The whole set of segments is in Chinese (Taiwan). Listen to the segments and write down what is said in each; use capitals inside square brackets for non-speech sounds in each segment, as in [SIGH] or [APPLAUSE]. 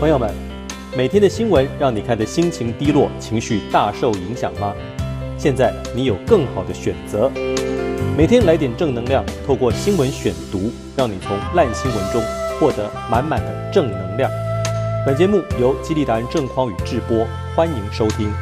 朋友們，每天的新聞讓你看得心情低落、情緒大受影響嗎？現在你有更好的選擇，每天來點正能量，透過新聞選讀，讓你從爛新聞中獲得滿滿的正能量。本節目由激勵達人鄭匡宇製播，歡迎收聽。誒、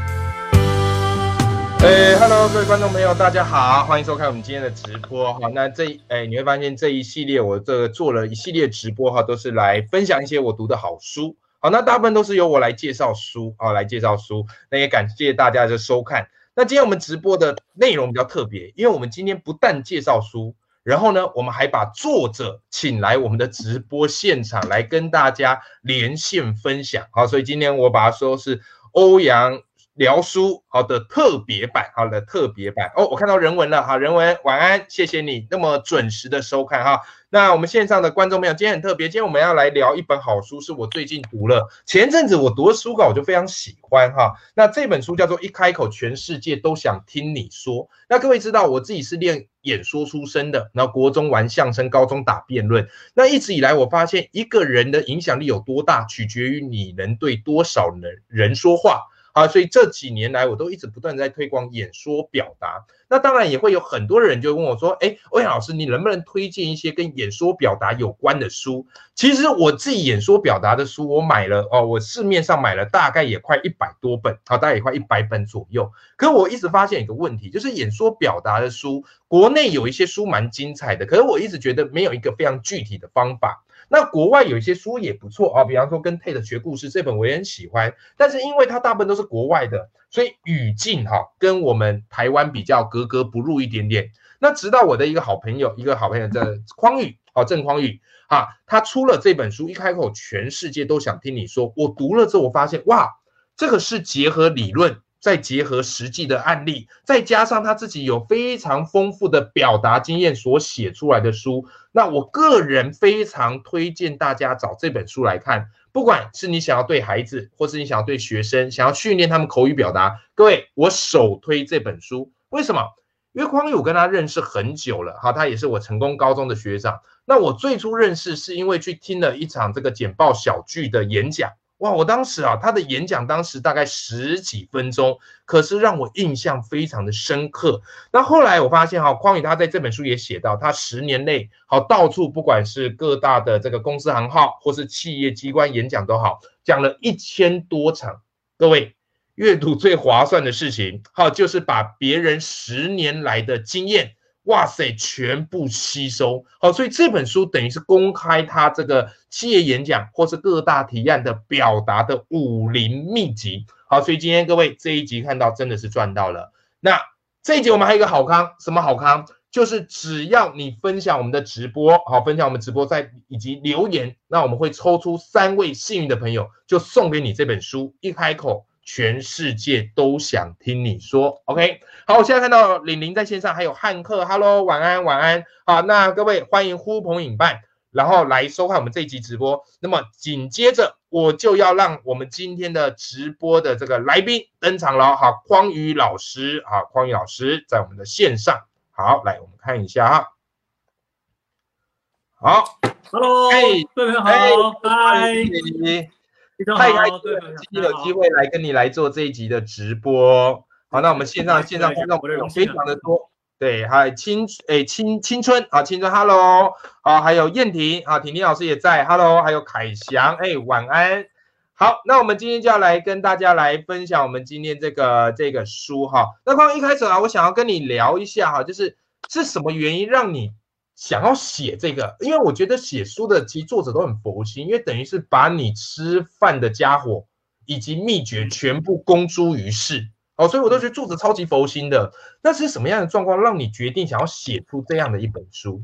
哎、，Hello，各位觀眾朋友，大家好，歡迎收看我們今天的直播。哈，那這誒、哎，你會發現這一系列我這個做了一系列直播哈，都是來分享一些我讀的好書。那大部分都是由我來介紹書啊，來介紹書。那也感謝大家的收看。那今天我們直播的內容比較特別，因為我們今天不但介紹書，然後呢，我們還把作者請來我們的直播現場來跟大家連線分享啊。所以今天我把它說是歐陽聊書好的特別版，好的特別版哦，我看到人文了哈，人文晚安，謝謝你那麼準時的收看哈。那我們線上的觀眾朋友，今天很特別，今天我們要來聊一本好書，是我最近讀了，前陣子我讀書稿我就非常喜歡哈。那這本書叫做《一開口，全世界都想聽你說》。那各位知道，我自己是練演說出身的，然後國中玩相聲，高中打辯論，那一直以來我發現，一個人的影響力有多大，取決於你能對多少人人說話。啊，所以這幾年來，我都一直不斷在推廣演說表達。那當然也會有很多人就問我說：“哎，歐陽老師，你能不能推薦一些跟演說表達有關的書？”其實我自己演說表達的書，我買了哦，我市面上買了大概也快一百多本，好、啊，大概也快一百本左右。可是我一直發現一個問題，就是演說表達的書，國內有一些書蠻精彩的，可是我一直覺得沒有一個非常具體的方法。那國外有一些書也不錯啊，比方說跟 Ted 學故事，這本我也很喜歡，但是因為它大部分都是國外的，所以語境哈，啊，跟我們台灣比較格格不入一點點。那直到我的一個好朋友，一個好朋友叫匡宇哦，鄭匡宇哈，他出了這本書，一開口全世界都想聽你說。我讀了之後，我發現哇，這個是結合理論。再結合實際的案例，再加上他自己有非常豐富的表達經驗所寫出來的書，那我個人非常推薦大家找這本書來看。不管是你想要對孩子，或是你想要對學生，想要訓練他們口語表達，各位，我首推這本書。為什麼？因為匡宇我跟他認識很久了，他也是我成功高中的學長。那我最初認識是因為去聽了一場這個簡報小聚的演講。哇，我當時啊，他的演講當時大概十幾分鐘，可是讓我印象非常的深刻。那後來我發現哈、啊，匡宇他在這本書也寫到，他十年內好到處，不管是各大的這個公司行號或是企業機關演講都好，講了一千多場。各位，閱讀最划算的事情，好，就是把別人十年來的經驗，哇塞，全部吸收。好，所以這本書等於是公開他這個企業演講或是各大提案的表達的武林秘籍。好，所以今天各位這一集看到真的是賺到了。那這一集我們還有一個好康，什麼好康？就是只要你分享我們的直播，好，分享我們直播再以及留言，那我們會抽出三位幸運的朋友，就送給你這本書一開口。全世界都想聽你說，OK？好，我現在看到玲玲在線上，還有漢克，Hello，晚安，晚安。好，那各位歡迎呼朋引伴，然後來收看我們這一集直播。那麼緊接着我就要讓我們今天的直播的這個來賓登場了，哈，匡宇老師，啊，匡宇老師在我們的線上。好，來我們看一下，哈，Hello, 哎、好，Hello，各位好 Hi 嗨，今天有機會來跟你來做這一集的直播，好，那我們線上線上觀眾非常的多，對，嗨、欸，青誒青青春啊，青春哈嘍，好，還有燕婷啊，婷婷老師也在哈嘍，還有凱翔，誒、欸，晚安，好，那我們今天就要來跟大家來分享我們今天這個這個書哈，那剛剛一開始啊，我想要跟你聊一下哈，就是是什麼原因讓你？想要寫這個，因為我覺得寫書的其實作者都很佛心，因為等於是把你吃飯的家伙以及秘訣全部公諸於世哦，所以我都覺得作者超級佛心的。那是什麼樣的狀況讓你決定想要寫出這樣的一本書？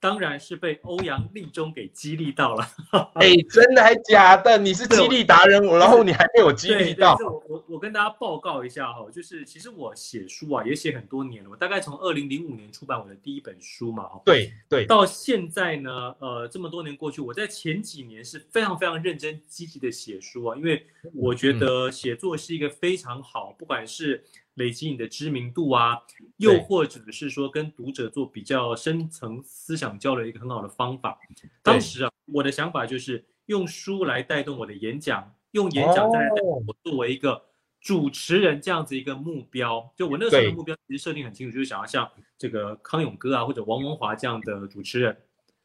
當然是被歐陽立中給激勵到了。哎，真的還假的？你是激勵達人，我然後你還被我激勵到。我我我跟大家報告一下哈，就是其實我寫書啊，也寫很多年了。我大概從二零零五年出版我的第一本書嘛，對對。到現在呢，呃，這麼多年過去，我在前幾年是非常非常認真積極的寫書啊，因為我覺得寫作是一個非常好，嗯，不管是。累積你的知名度啊，又或者是說跟讀者做比較深層思想交流一個很好的方法。當時啊，我的想法就是用書來帶動我的演講，用演講再來帶動我作為一個主持人這樣子一個目標。哦、就我那時候的目標其實設定很清楚，就是想要像這個康永哥啊或者王文華這樣的主持人。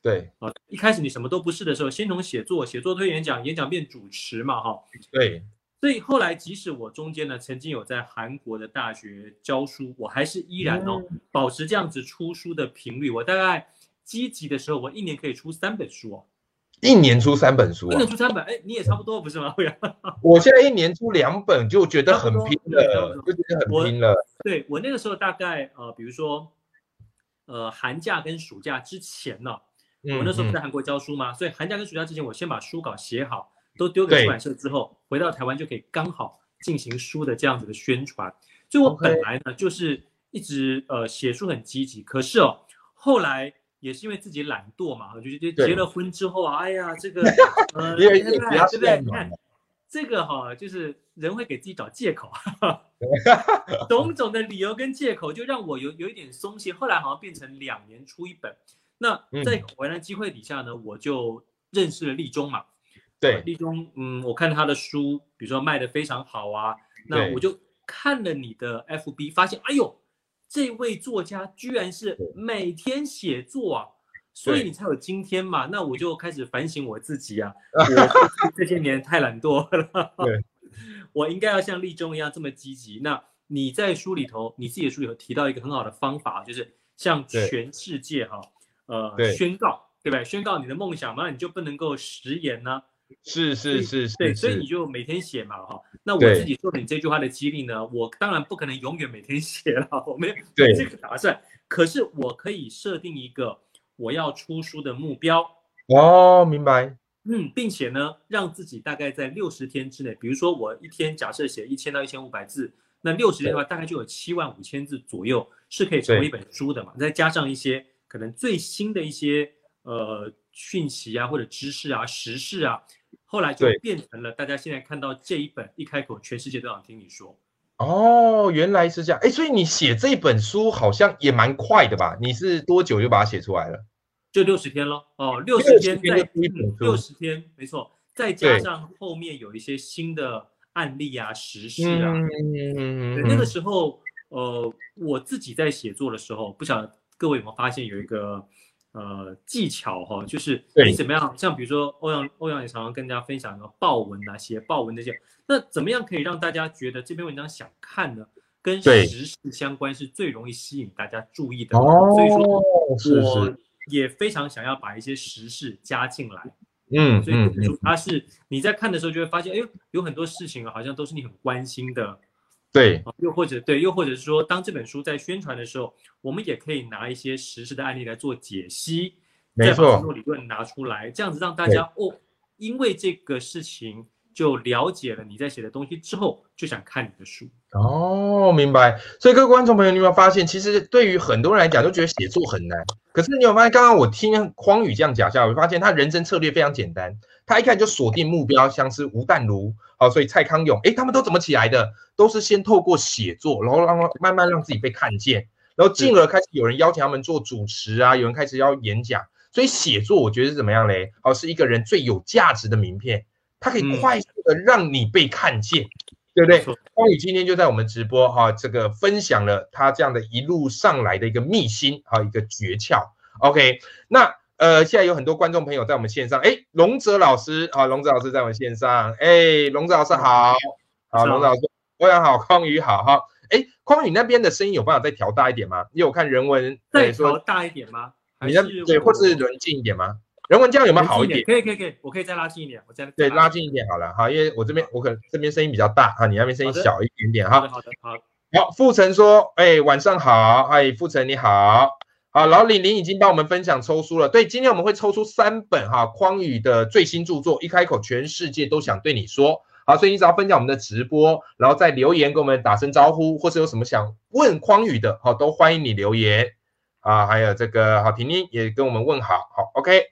對啊，一開始你什麼都不是的時候，先從寫作，寫作推演講，演講變主持嘛，哈。對。所以後來，即使我中間呢曾經有在韓國的大學教書，我還是依然哦、嗯、保持這樣子出書的頻率。我大概積極的時候，我一年可以出三本書哦，一年出三本書、啊，一年出三本，哎，你也差不多不是嗎？ [LAUGHS] 我現在一年出兩本就對對對，就覺得很拼了，就覺得很拼了。對，我那個時候大概呃，比如說呃，寒假跟暑假之前呢、哦，我那時候不在韓國教書嘛、嗯嗯，所以寒假跟暑假之前，我先把書稿寫好。都丟給出版社之後，回到台灣就可以剛好進行書的這樣子的宣傳。所、嗯、以我本來呢、okay. 就是一直呃寫書很積極，可是哦後來也是因為自己懶惰嘛，就覺得結了婚之後啊，哎呀這個， [LAUGHS] 呃、 [LAUGHS] 對不對？ [LAUGHS] 你看 [LAUGHS] 這個哈、哦，就是人會給自己找借口，哈哈 [LAUGHS] 種種的理由跟借口就讓我有有一點鬆懈。後來好像變成兩年出一本。那在偶然機會底下呢、嗯，我就認識了立中嘛。立中，嗯，我看他的書，比如說賣得非常好啊，那我就看了你的 FB，發現，哎呦，這位作家居然是每天寫作啊，啊，所以你才有今天嘛。那我就開始反省我自己啊，這些年太懶惰了， [LAUGHS] 對 [LAUGHS] 我應該要像立中一樣這麼積極。那你在書裡頭，你自己的書裡頭提到一個很好的方法，就是向全世界哈，呃，宣告，對不對？宣告你的夢想嘛，你就不能夠食言呢、啊。是是是是對，對，是是是是，所以你就每天寫嘛哈、哦。那我自己受了你這句話的激勵呢，我當然不可能永遠每天寫了，我沒有這個打算。可是我可以設定一個我要出書的目標。哇、哦，明白，嗯，並且呢，讓自己大概在六十天之內，比如說我一天假設寫一千到一千五百字，那六十天的話大概就有七萬五千字左右是可以成為一本書的嘛。再加上一些可能最新的一些呃。訊息啊，或者知識啊，時事啊，後來就變成了大家現在看到這一本，一開口全世界都想聽你說。哦，原來是這樣，哎，所以你寫這本書好像也蠻快的吧？你是多久就把它寫出來了？就六十天咯。哦，六十天在，六十天，沒錯，再加上後面有一些新的案例啊，時事啊、嗯，那個時候，呃，我自己在寫作的時候，不曉得各位有沒有發現有一個。呃，技巧哈、哦，就是你怎麼樣？像比如說，歐陽歐陽也常常跟大家分享的爆文吶、啊，寫爆文那些。那怎麼樣可以讓大家覺得這篇文章想看呢？跟時事相關是最容易吸引大家注意的。哦、所以說、哦是是，我也非常想要把一些時事加進來。嗯，嗯，所以它是你在看的時候就會發現、嗯嗯，哎，有很多事情好像都是你很關心的。對、啊，又或者對，又或者是說，當這本書在宣傳的時候，我們也可以拿一些實時的案例來做解析，再把這個理論拿出來，這樣子讓大家哦，因為這個事情。就了解了你在寫的東西之後，就想看你的書哦，明白。所以各位觀眾朋友，你有沒有發現，其實對於很多人來講都覺得寫作很難。可是你有發現，剛剛我聽匡宇這樣講下，我發現他人生策略非常簡單，他一看就鎖定目標，像是吳淡如啊，哦，所以蔡康永哎，他們都怎麼起來的？都是先透過寫作，然後讓慢慢讓自己被看見，然後進而開始有人邀請他們做主持啊，有人開始要演講。所以寫作我覺得是怎麼樣嘞？哦，是一個人最有價值的名片。他可以快速的讓你被看見，嗯、對不對？匡、嗯、宇今天就在我們直播哈，這個分享了他這樣的一路上來的一個秘辛還有一個訣竅。嗯、OK，那呃，現在有很多觀眾朋友在我們線上，誒，龍澤老師啊，龍澤老師在我們線上，誒，龍澤老師好，好，龍澤老師，歐陽好，匡宇好哈，誒，匡宇那邊的聲音有辦法再調大一點嗎？因為我看人文對，調大一點嗎？呃、你那對，或是人近一點嗎？人文教有沒有好一點？可以，可以，可以，我可以再拉近一點，我再拉對拉近一點好了哈，因為我這邊我可能這邊聲音比較大啊，你那邊聲音小一點點哈。好的，好的，好、哦。好，傅成說，哎、欸，晚上好，哎，傅成你好，好。然後李林玲已經幫我們分享抽書了，對，今天我們會抽出三本哈，匡宇的最新著作《一開口，全世界都想對你說》。好，所以你只要分享我們的直播，然後再留言給我們打聲招呼，或是有什麼想問匡宇的，好，都歡迎你留言啊。還有這個，好，婷婷也跟我們問好，好，OK。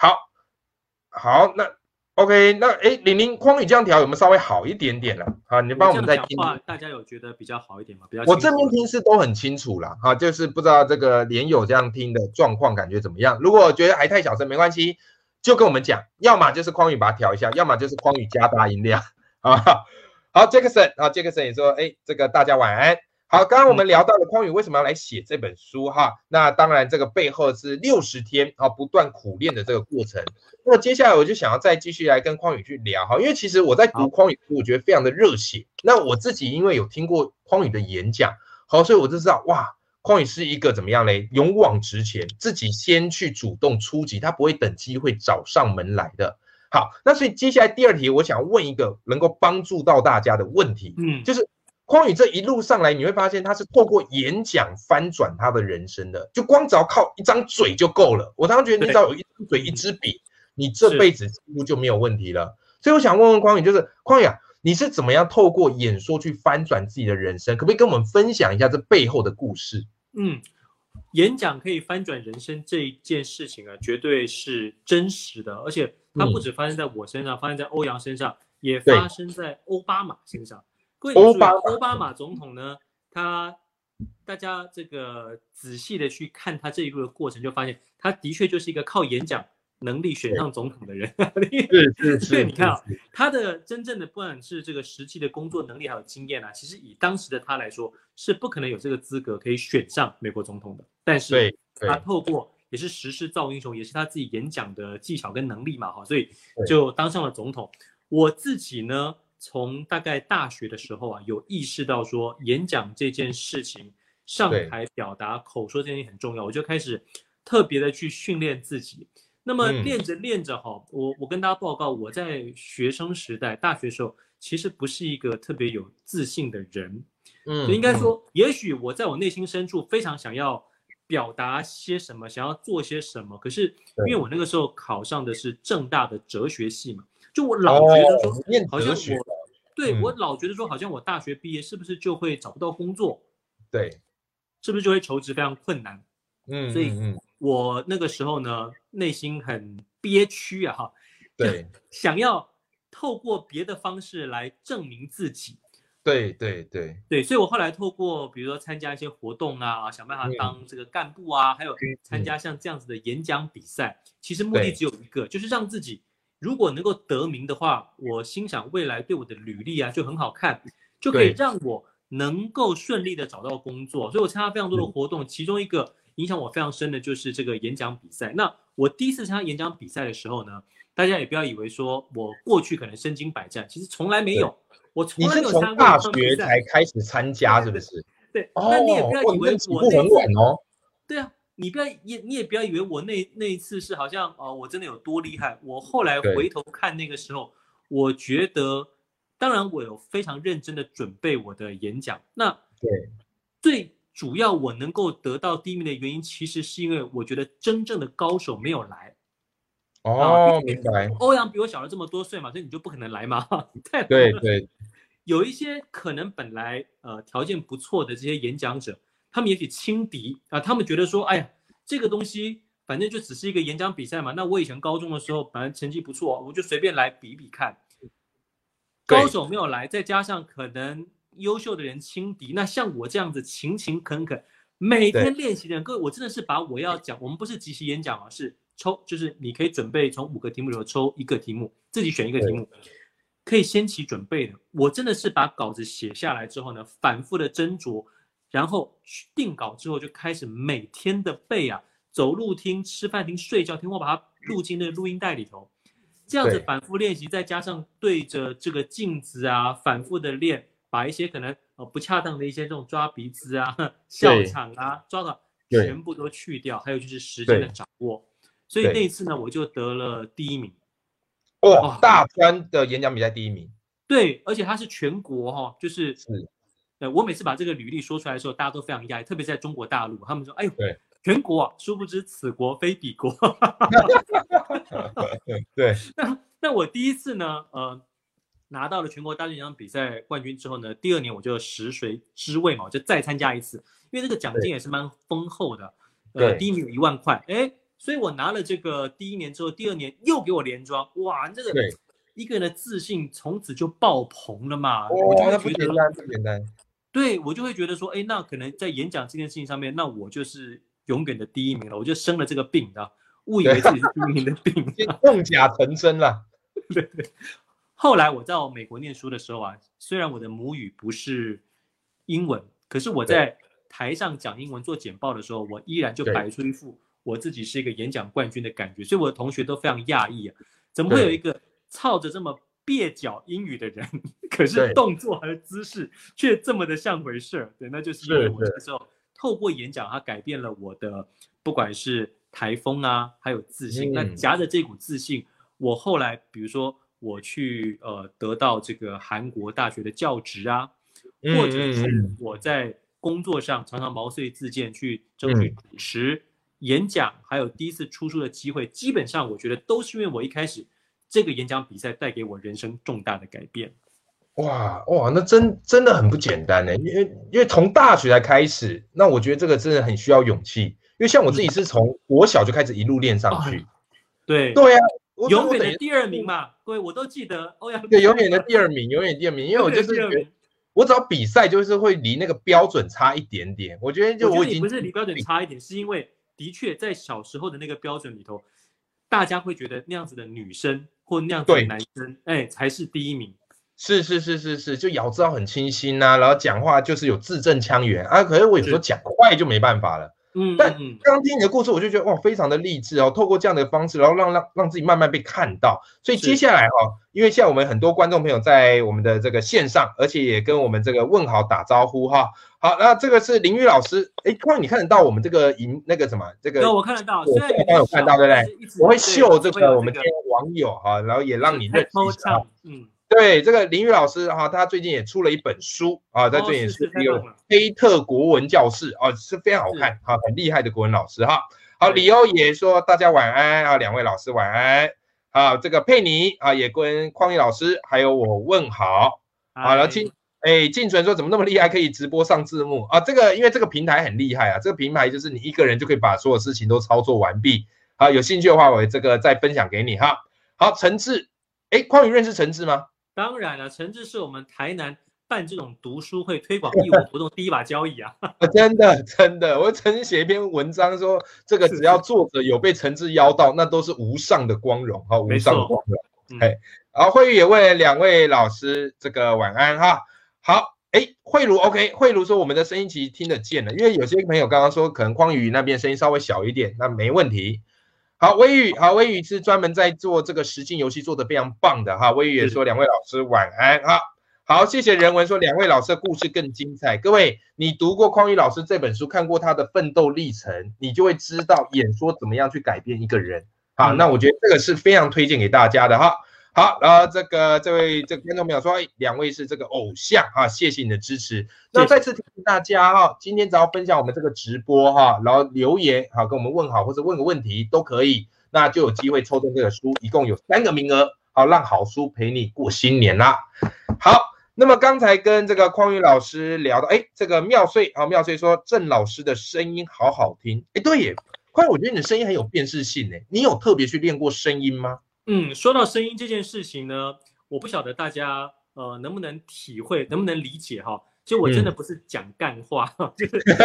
好，好，那 OK，那哎，玲、欸、玲，匡宇這樣調有沒有稍微好一點點了？啊，你幫我們再聽。這樣講話，大家有覺得比較好一點嗎？比較。我這邊聽是都很清楚了，哈、啊，就是不知道這個連友這樣聽的狀況感覺怎麼樣？如果覺得還太小聲，沒關係，就跟我們講，要麼就是匡宇把它調一下，要麼就是匡宇加大音量，啊。好，Jackson 啊，Jackson 也說，哎、欸，這個大家晚安。好，剛剛我們聊到了匡宇為什麼要來寫這本書哈，嗯，那當然這個背後是六十天啊不斷苦練的這個過程。那麼接下來我就想要再繼續來跟匡宇去聊哈，因為其實我在讀匡宇書，我覺得非常的熱血。那我自己因為有聽過匡宇的演講，好，所以我就知道哇，匡宇是一個怎麼樣嘞？勇往直前，自己先去主動出擊，他不會等機會找上門來的。好，那所以接下來第二題，我想問一個能夠幫助到大家的問題，嗯，就是。匡宇這一路上來，你會發現他是透過演講翻轉他的人生的，就光只要靠一張嘴就夠了。我常常覺得，你只要有一張嘴，一支筆，你這輩子幾乎就沒有問題了。所以我想問問匡宇，就是匡宇啊，你是怎麼樣透過演說去翻轉自己的人生？可不可以跟我們分享一下這背後的故事？嗯，演講可以翻轉人生這一件事情啊，絕對是真實的，而且它不只發生在我身上，嗯、發生在歐陽身上，也發生在歐巴馬身上。對，歐巴、巴馬總統呢，他大家這個仔細的去看他這一路的過程，就發現他的確就是一個靠演講能力選上總統的人。所以 [LAUGHS] 你看啊，他的真正的不管是這個實際的工作能力還有經驗啊，其實以當時的他來說是不可能有這個資格可以選上美國總統的。但是，他透過也是時勢造英雄，也是他自己演講的技巧跟能力嘛，哈，所以就當上了總統。我自己呢，從大概大學的時候啊，有意識到說演講這件事情、上台表達口說這件事情很重要，我就開始特別的去訓練自己。那麼練着練着哈、哦嗯，我我跟大家報告，我在學生時代、大學時候其實不是一個特別有自信的人。嗯嗯，應該說，也許我在我內心深處非常想要表達些什麼，想要做些什麼，可是因為我那個時候考上的是政大的哲學系嘛。就我老覺得說，好像我，對，我老覺得說，好像我大學畢業是不是就會找不到工作？對，是不是就會求職非常困難？嗯，所以我那個時候呢，內心很憋屈啊，哈，對，想要透過別的方式來證明自己。對對對對，所以我後來透過比如說參加一些活動啊，想辦法當這個幹部啊，還有參加像這樣子的演講比賽，其實目的只有一個，就是讓自己。如果能夠得名的話，我心想未來對我的履歷啊就很好看，就可以讓我能夠順利的找到工作。所以我參加非常多的活動，其中一個影響我非常深的就是這個演講比賽。嗯、那我第一次參加演講比賽的時候呢，大家也不要以為說我過去可能身經百戰，其實從來沒有。我從來沒有參加比賽。你是從大學才開始參加是不是？對，那、哦、你也不要以為我很弱哦。對啊。你不要你你也不要以為我那那一次是好像哦、呃，我真的有多厲害。我後來回頭看那個時候，我覺得，當然我有非常認真的準備我的演講。那對，最主要我能夠得到第一名的原因，其實是因為我覺得真正的高手沒有來。哦，明白。歐陽比我小了這麼多歲嘛，所以你就不可能來嘛。哈哈，太好了。對對，有一些可能本來呃條件不錯的這些演講者。他們也挺輕敵啊，他們覺得說，哎呀，這個東西反正就只是一個演講比賽嘛。那我以前高中的時候，反正成績不錯，我就隨便來比比看。高手沒有來，再加上可能優秀的人輕敵，那像我這樣子勤勤懇懇每天練習的人，各位，我真的是把我要講，我們不是即席演講而、啊、是抽，就是你可以準備從五個題目裡頭抽一個題目，自己選一個題目，可以先去準備的。我真的是把稿子寫下來之後呢，反覆的斟酌。然後去定稿之後就開始每天的背啊，走路聽，吃飯聽，睡覺聽，我把它錄進那個錄音帶裡頭，這樣子反覆練習，再加上對着這個鏡子啊，反覆的練，把一些可能呃不恰當的一些這種抓鼻子啊、笑場啊抓到全部都去掉。還有就是時間的掌握，所以那一次呢，我就得了第一名。哦，大專的演講比賽第一名。對，而且他是全國哈、哦，就是，是。我每次把這個履歷說出來的時候，大家都非常壓抑，特別在中國大陸，他們說：“哎呦，全國、啊，殊不知此國非彼國。 [LAUGHS] [LAUGHS] 對”對那，那我第一次呢，呃，拿到了全國大聯獎比賽冠軍之後呢，第二年我就食髓知味嘛，我就再參加一次，因為這個獎金也是蠻豐厚的，第一名有一萬塊，所以我拿了這個第一年之後，第二年又給我連莊，哇，這個一個人的自信從此就爆棚了嘛，我就覺得不簡單。對我就會覺得說，哎，那可能在演講這件事情上面，那我就是永遠的第一名了。我就生了這個病啊，誤以為自己是第一名的病，弄 [LAUGHS] 假成真了。對對。後來我在美國念書的時候啊，雖然我的母語不是英文，可是我在台上講英文做簡報的時候，我依然就擺出一副我自己是一個演講冠軍的感覺，所以我的同學都非常訝異啊，怎麼會有一個操着這麼。蹩腳英語的人，可是動作和姿勢卻這麼的像回事。對，對，那就是因為我那時候透過演講，它改變了我的，不管是台風啊，還有自信。嗯、那夾着這股自信，我後來比如說我去呃得到這個韓國大學的教職啊，或者是我在工作上常常毛遂自薦去爭取主持、嗯、演講，還有第一次出書的機會，基本上我覺得都是因為我一開始。這個演講比賽帶給我人生重大的改變。哇哇，那真真的很不簡單嘞、欸！因為因為從大學才開始，那我覺得這個真的很需要勇氣。因為像我自己是從我小就開始一路練上去，嗯哦、對對啊我我，永遠的第二名嘛，對我都記得、哦、永遠的第二名，永遠的第二名，因為我就是我只要比賽就是會離那個標準差一點點。我覺得就我已經我覺得不是離標準差一點，是因為的確在小時候的那個標準裡頭，大家會覺得那樣子的女生。混男生對，欸，才是第一名。是是是是是，就咬字要很清晰吶，啊，然後講話就是有字正腔圓啊。可是我有時候講快就沒辦法了。嗯，但剛剛聽你的故事，我就覺得哇，非常的勵志哦。透過這樣的方式，然後讓讓讓自己慢慢被看到。所以接下來哈、哦，因為現在我們很多觀眾朋友在我們的這個線上，而且也跟我們這個問好打招呼哈。好，那這個是林宇老師，哎，匡你看得到我們這個銀那個什麼這個、哦？我看得到，我剛剛有看到，對不對？我會秀這個、這個、我們的網友哈，然後也讓你認識一下。嗯、這個，對，這個林宇老師哈，他最近也出了一本書、嗯、啊，在最近也是有《黑特國文教室》哦，是、啊、是非常好看哈、啊，很厲害的國文老師哈、啊。好，李歐也說大家晚安啊，兩位老師晚安啊，這個佩妮啊也跟匡宇老師還有我問好好、啊哎，然後請。哎，進純說怎麼那麼厲害，可以直播上字幕啊？這個因為這個平台很厲害啊，這個平台就是你一個人就可以把所有事情都操作完畢啊。有興趣的話，我這個再分享給你哈。好，啊，陳志，哎，匡宇認識,識陳志嗎？當然了，陳志是我們台南辦這種讀書會推廣義務活動第一把交椅啊， [LAUGHS] 啊。真的真的，我曾經寫一篇文章說，這個只要作者有被陳志邀到， [LAUGHS] 那都是無上的光榮哈，無上的光榮。好，嗯嗯，然後也議也為兩位老師，這個晚安哈。好，哎，慧茹，OK，慧茹說我們的聲音其實聽得見了，因為有些朋友剛剛說可能匡宇那邊聲音稍微小一點，那沒問題。好，微雨，好，微雨是專門在做這個實境遊戲，做得非常棒的哈。微雨也說兩位老師晚安，好好，謝謝人文說兩位老師的故事更精彩。各位，你讀過匡宇老師這本書，看過他的奮鬥歷程，你就會知道演說怎麼樣去改變一個人。好、嗯，那我覺得這個是非常推薦給大家的哈。好，然後這個這位這個觀眾朋友說，哎，兩位是這個偶像啊，謝謝你的支持。那再次提醒大家哈、啊，今天只要分享我們這個直播哈、啊，然後留言好、啊，跟我們問好或者問個問題都可以，那就有機會抽中這個書，一共有三個名額啊，讓好書陪你過新年啦。好，那麼剛才跟這個匡宇老師聊到，哎，這個妙歲啊，妙歲說鄭老師的聲音好好聽，哎，對耶，匡宇，我覺得你的聲音很有辨識性哎，你有特別去練過聲音嗎？嗯，說到聲音這件事情呢，我不曉得大家呃能不能體會，能不能理解哈？就、哦、我真的不是講幹話，嗯、就是你去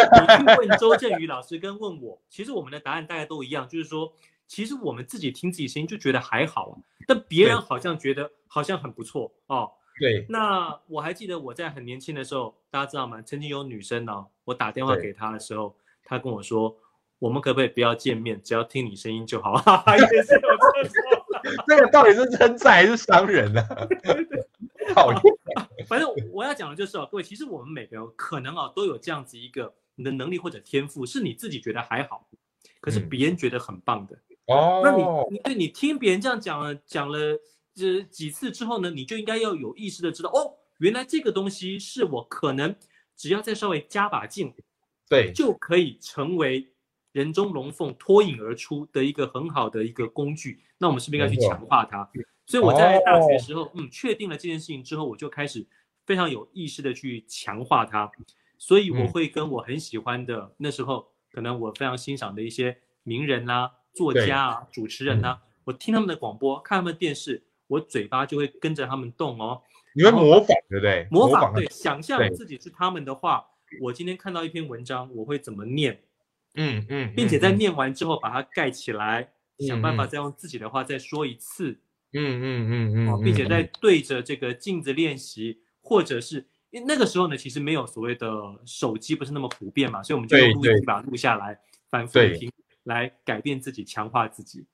問周震宇老師跟問我， [LAUGHS] 其實我們的答案大家都一樣，就是說，其實我們自己聽自己聲音就覺得還好啊，但別人好像覺得好像很不錯哦。對，那我還記得我在很年輕的時候，大家知道嗎？曾經有女生呢、哦，我打電話給她的時候，她跟我說，我們可不可以不要見面，只要聽你聲音就好了。哈哈哈哈哈。這 [LAUGHS] 個到底是稱讚還是傷人呢、啊？討 [LAUGHS] 厭、 [LAUGHS] 啊。反正我要講的就是哦，各位，其實我們每個可能哦、啊、都有這樣子一個，你的能力或者天賦是你自己覺得還好，可是別人覺得很棒的。哦、嗯，那你、哦、你對你聽別人這樣講了講了呃幾次之後呢，你就應該要有意識的知道哦，原來這個東西是我可能只要再稍微加把勁，對，就可以成為。人中龍鳳脫穎而出的一個很好的一個工具，那我們是不是應該去強化它？嗯、所以我在大學時候、哦，嗯，確定了這件事情之後，我就開始非常有意識的去強化它。所以我會跟我很喜歡的那時候，嗯、可能我非常欣賞的一些名人啦、啊嗯、作家啊、主持人啊、嗯，我聽他們的廣播，看他們的電視，我嘴巴就會跟着他們動哦。你會模仿，對不對？模仿對,對,對,對，想象自己是他們的話，我今天看到一篇文章，我會怎麼念？嗯嗯,嗯,嗯，並且在念完之後把它蓋起來、嗯嗯嗯，想辦法再用自己的話再說一次。嗯嗯嗯嗯。哦、嗯嗯，並且再對着這個鏡子練習、嗯，或者是因為那個時候呢，其實沒有所謂的手機不是那麼普遍嘛，所以我們就用錄音把它錄下來，反覆聽來改變自己，強化自己。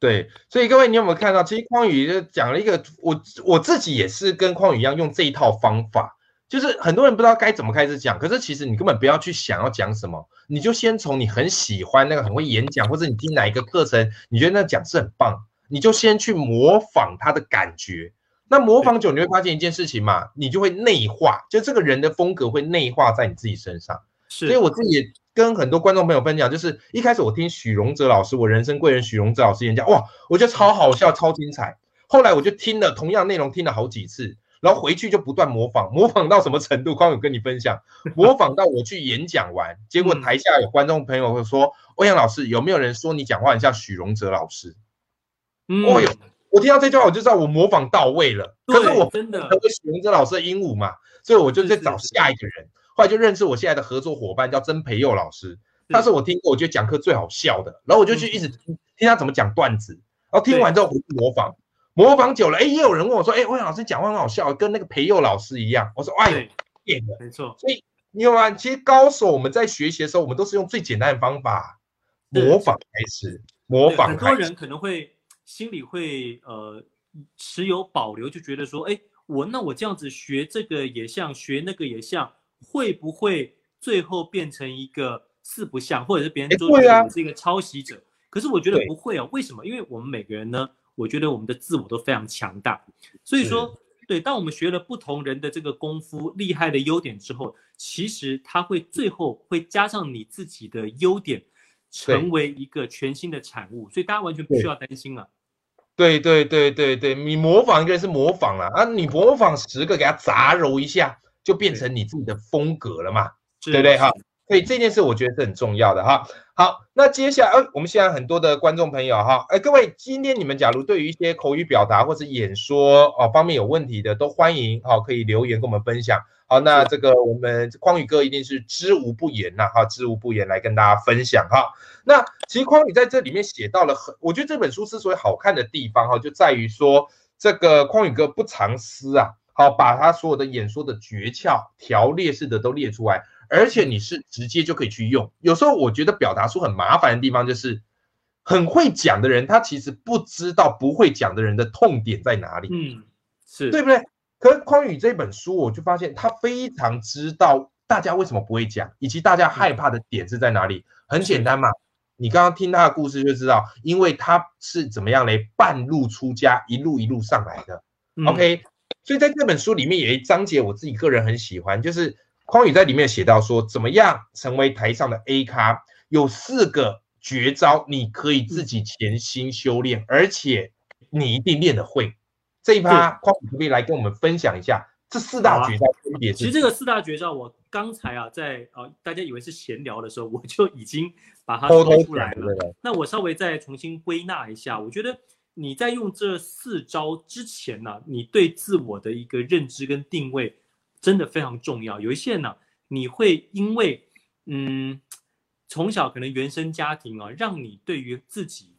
對，所以各位你有沒有看到，其實匡宇就講了一個，我我自己也是跟匡宇一樣用這一套方法。就是很多人不知道該怎麼開始講，可是其實你根本不要去想要講什麼，你就先從你很喜歡那個很會演講，或者你聽哪一個課程，你覺得那個講師很棒，你就先去模仿他的感覺。那模仿久，你會發現一件事情嘛，你就會內化，就這個人的風格會內化在你自己身上。是，所以我自己也跟很多觀眾朋友分享，就是一開始我聽許榮哲老師，我人生貴人許榮哲老師演講，哇，我覺得超好笑，超精彩。後來我就聽了同樣內容，聽了好幾次。然後回去就不斷模仿，模仿到什麼程度？剛有跟你分享，模仿到我去演講完， [LAUGHS] 結果台下有觀眾朋友說，嗯，“歐陽老師，有沒有人說你講話很像許榮哲老師？”嗯，我、哎、我聽到這句話我就知道我模仿到位了。可是我真的，因為許榮哲老師的鸚鵡嘛，所以我就在找下一個人，是是是是。後來就認識我現在的合作伙伴，叫曾培佑老師，他是我聽過我覺得講課最好笑的。然後我就去一直聽，嗯，聽他怎麼講段子，然後聽完之後回去模仿。模仿久了，哎，也有人問我說：“哎，歐陽老師講話很好笑，跟那個培佑老師一樣。”我說：“哎，對，沒錯。”所以你看，其實高手我們在學習的時候，我們都是用最簡單的方法模仿開始，模仿，模仿。很多人可能會心裡會呃持有保留，就覺得說：“哎，我那我這樣子學這個也像，學那個也像，會不會最後變成一個四不像，或者是別人說的、啊？我是一個抄襲者？”可是我覺得不會啊，為什麼？因為我們每個人呢。我覺得我們的自我都非常強大，所以說，對，當我們學了不同人的這個功夫厲害的優點之後，其實它會最後會加上你自己的優點，成為一個全新的產物，所以大家完全不需要擔心了、啊。對對對對對，對，你模仿一個人是模仿了啊，啊你模仿十個給它雜糅一下，就變成你自己的風格了嘛，對，對，對不對哈？所以這件事，我覺得是很重要的哈。好，那接下來、呃，我們現在很多的觀眾朋友哈，哎、呃，各位，今天你們假如對於一些口語表達或者演說哦方面有問題的，都歡迎哈、哦，可以留言跟我們分享。好，那這個我們匡宇哥一定是知無不言吶、啊、哈，知無不言來跟大家分享哈、哦。那其實匡宇在這裡面寫到了很，很我覺得這本書之所以好看的地方哈、哦，就在於說這個匡宇哥不藏私啊，好、哦，把他所有的演說的訣竅條列式的都列出來。而且你是直接就可以去用。有時候我覺得表達出很麻煩的地方，就是很會講的人，他其實不知道不會講的人的痛點在哪裡。嗯，是對不對？可是匡宇這本書，我就發現他非常知道大家為什麼不會講，以及大家害怕的點是在哪裡。嗯、很簡單嘛，你剛剛聽他的故事就知道，因為他是怎麼樣嘞？半路出家，一路一路上來的。嗯、OK，所以在這本書裡面有一章節，我自己個人很喜歡，就是。匡宇在裡面寫到說：“怎麼樣成為台上的 A 咖？有四個絕招，你可以自己潛心修煉，而且你一定練得會。”這一趴，匡宇可不可以來跟我們分享一下這四大絕招？分別是？其實這個四大絕招，我剛才啊，在啊、呃、大家以為是閒聊的時候，我就已經把它說出來了。多多，那我稍微再重新歸納一下，我覺得你在用這四招之前呢、啊，你對自我的一個認知跟定位，真的非常重要。有一些人呢，你會因為，嗯，從小可能原生家庭啊，讓你對於自己，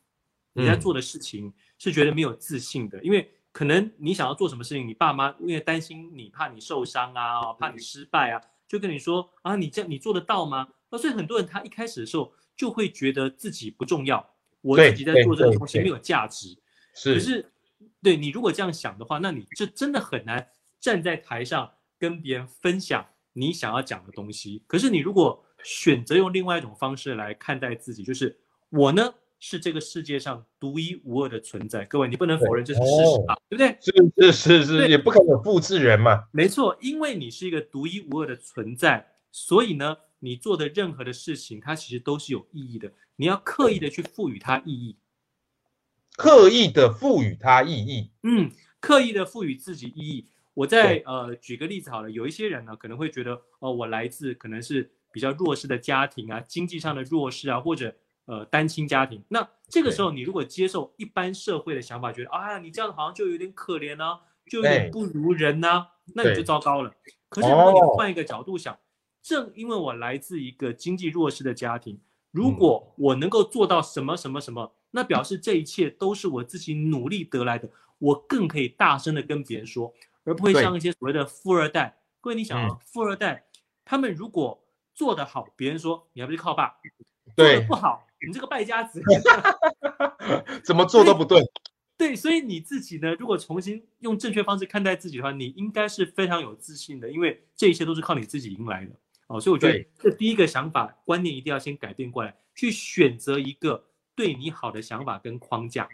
你在做的事情是覺得沒有自信的。因為可能你想要做什麼事情，你爸媽因為擔心你，怕你受傷啊，怕你失敗啊，就跟你說啊，你這樣你做得到嗎？那所以很多人他一開始的時候就會覺得自己不重要，我自己在做這個東西沒有價值。是，可是，對你如果這樣想的話，那你就真的很難站在台上。跟別人分享你想要講的東西，可是你如果選擇用另外一種方式來看待自己，就是我呢是這個世界上獨一無二的存在。各位，你不能否認這是事實吧？哦、對不對？是是是是，也不可能複製人嘛。沒錯，因為你是一個獨一無二的存在，所以呢，你做的任何的事情，它其實都是有意義的。你要刻意的去賦予它意義，刻意的賦予它意義，嗯，刻意的賦予自己意義。我再呃，舉個例子好了，有一些人呢可能會覺得，哦，我來自可能是比較弱勢的家庭啊，經濟上的弱勢啊，或者呃，單親家庭。那這個時候，你如果接受一般社會的想法，覺得啊，你這樣子好像就有點可憐呢，啊，就有點不如人呢，啊，那你就糟糕了。可是如果你換一個角度想，正因為我來自一個經濟弱勢的家庭，如果我能夠做到什麼什麼什麼，那表示這一切都是我自己努力得來的，我更可以大聲的跟別人說。而不會像一些所謂的富二代，各位，你想啊、嗯，富二代，他們如果做得好，別人說，你還不是靠爸。對，做得不好，你這個敗家子， [LAUGHS] [LAUGHS] 怎麼做都不對。對，所以你自己呢，如果重新用正確方式看待自己的話，你應該是非常有自信的，因為這一切都是靠你自己贏來的。哦，所以我覺得這第一個想法，觀念一定要先改變過來，去選擇一個對你好的想法跟框架。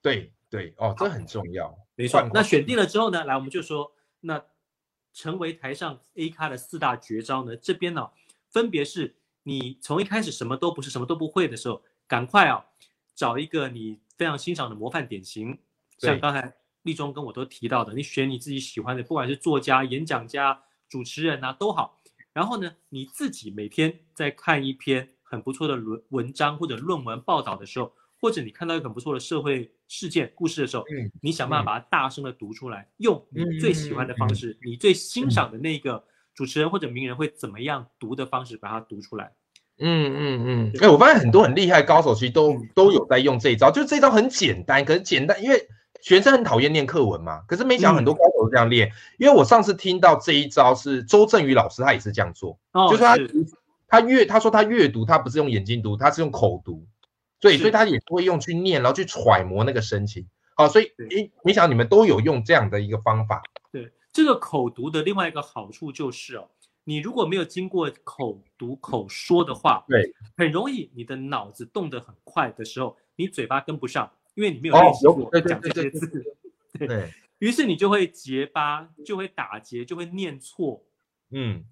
對對，哦，這很重要。沒錯，那選定了之後呢？來，我們就說，那成為台上 A 咖的四大絕招呢？這邊呢、啊，分別是你從一開始什麼都不是、什麼都不會的時候，趕快啊，找一個你非常欣賞的模範典型，像剛才立中跟我都提到的，你選你自己喜歡的，不管是作家、演講家、主持人吶、啊，都好。然後呢，你自己每天在看一篇很不錯的文章或者論文報道的時候。或者你看到一本不錯的社會事件、故事的時候，嗯，你想辦法把它大聲的讀出來，嗯，用你最喜歡的方式，嗯、你最欣賞的那個主持人或者名人會怎麼樣讀的方式把它讀出來。嗯嗯嗯。哎，嗯欸，我發現很多很厲害的高手其實都都有在用這一招，就是這一招很簡單，可是簡單，因為學生很討厭念課文嘛。可是沒想到很多高手這樣練，嗯，因為我上次聽到這一招是周正宇老師，他也是這樣做，哦，就是他是他閱他說他閱讀，他不是用眼睛讀，他是用口讀。對，所以他也會用去念，然後去揣摩那個神情。好、啊，所以你，你想你們都有用這樣的一個方法。對，這個口讀的另外一個好處就是哦，你如果沒有經過口讀口說的話，對，很容易你的腦子動得很快的時候，你嘴巴跟不上，因為你沒有練習過、哦、講這些字。對，於是你就會結巴，就會打結，就會念錯。嗯。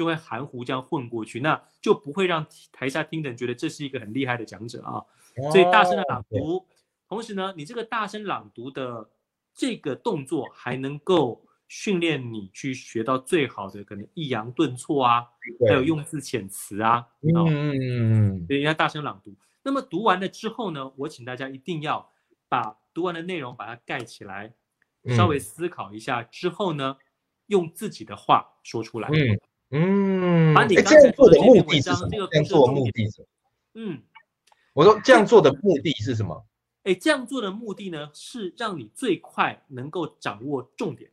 就會含糊這樣混過去，那就不會讓台下聽的人覺得這是一個很厲害的講者啊。哦、所以大聲的朗讀，同時呢，你這個大聲朗讀的這個動作還能夠訓練你去學到最好的可能抑揚頓挫啊，還有用字遣詞啊。對哦、嗯嗯嗯，所以要大聲朗讀，嗯。那麼讀完了之後呢，我請大家一定要把讀完的內容把它蓋起來，稍微思考一下之後呢，用自己的話說出來。嗯嗯嗯，把你剛才做的目的是這樣做的目的，嗯，我說這樣做的目的是什麼？哎、嗯，這樣做的目的呢，的的是讓你最快能夠掌握重點。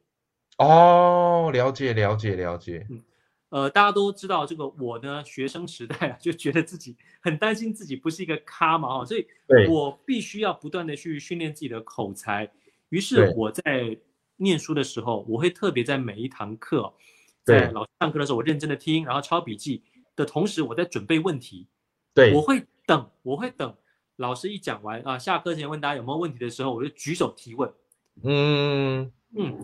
哦，了解，了解，了解。嗯，呃，大家都知道這個我呢，學生時代啊，就覺得自己很擔心自己不是一個咖嘛、哦，哈，所以我必須要不斷的去訓練自己的口才。於是我在念書的時候，我會特別在每一堂課、哦。在老師上課的時候，我認真的聽，然後抄筆記的同時，我在準備問題。對，我會等，我會等老師一講完啊，下課前問大家有沒有問題的時候，我就舉手提問。嗯嗯，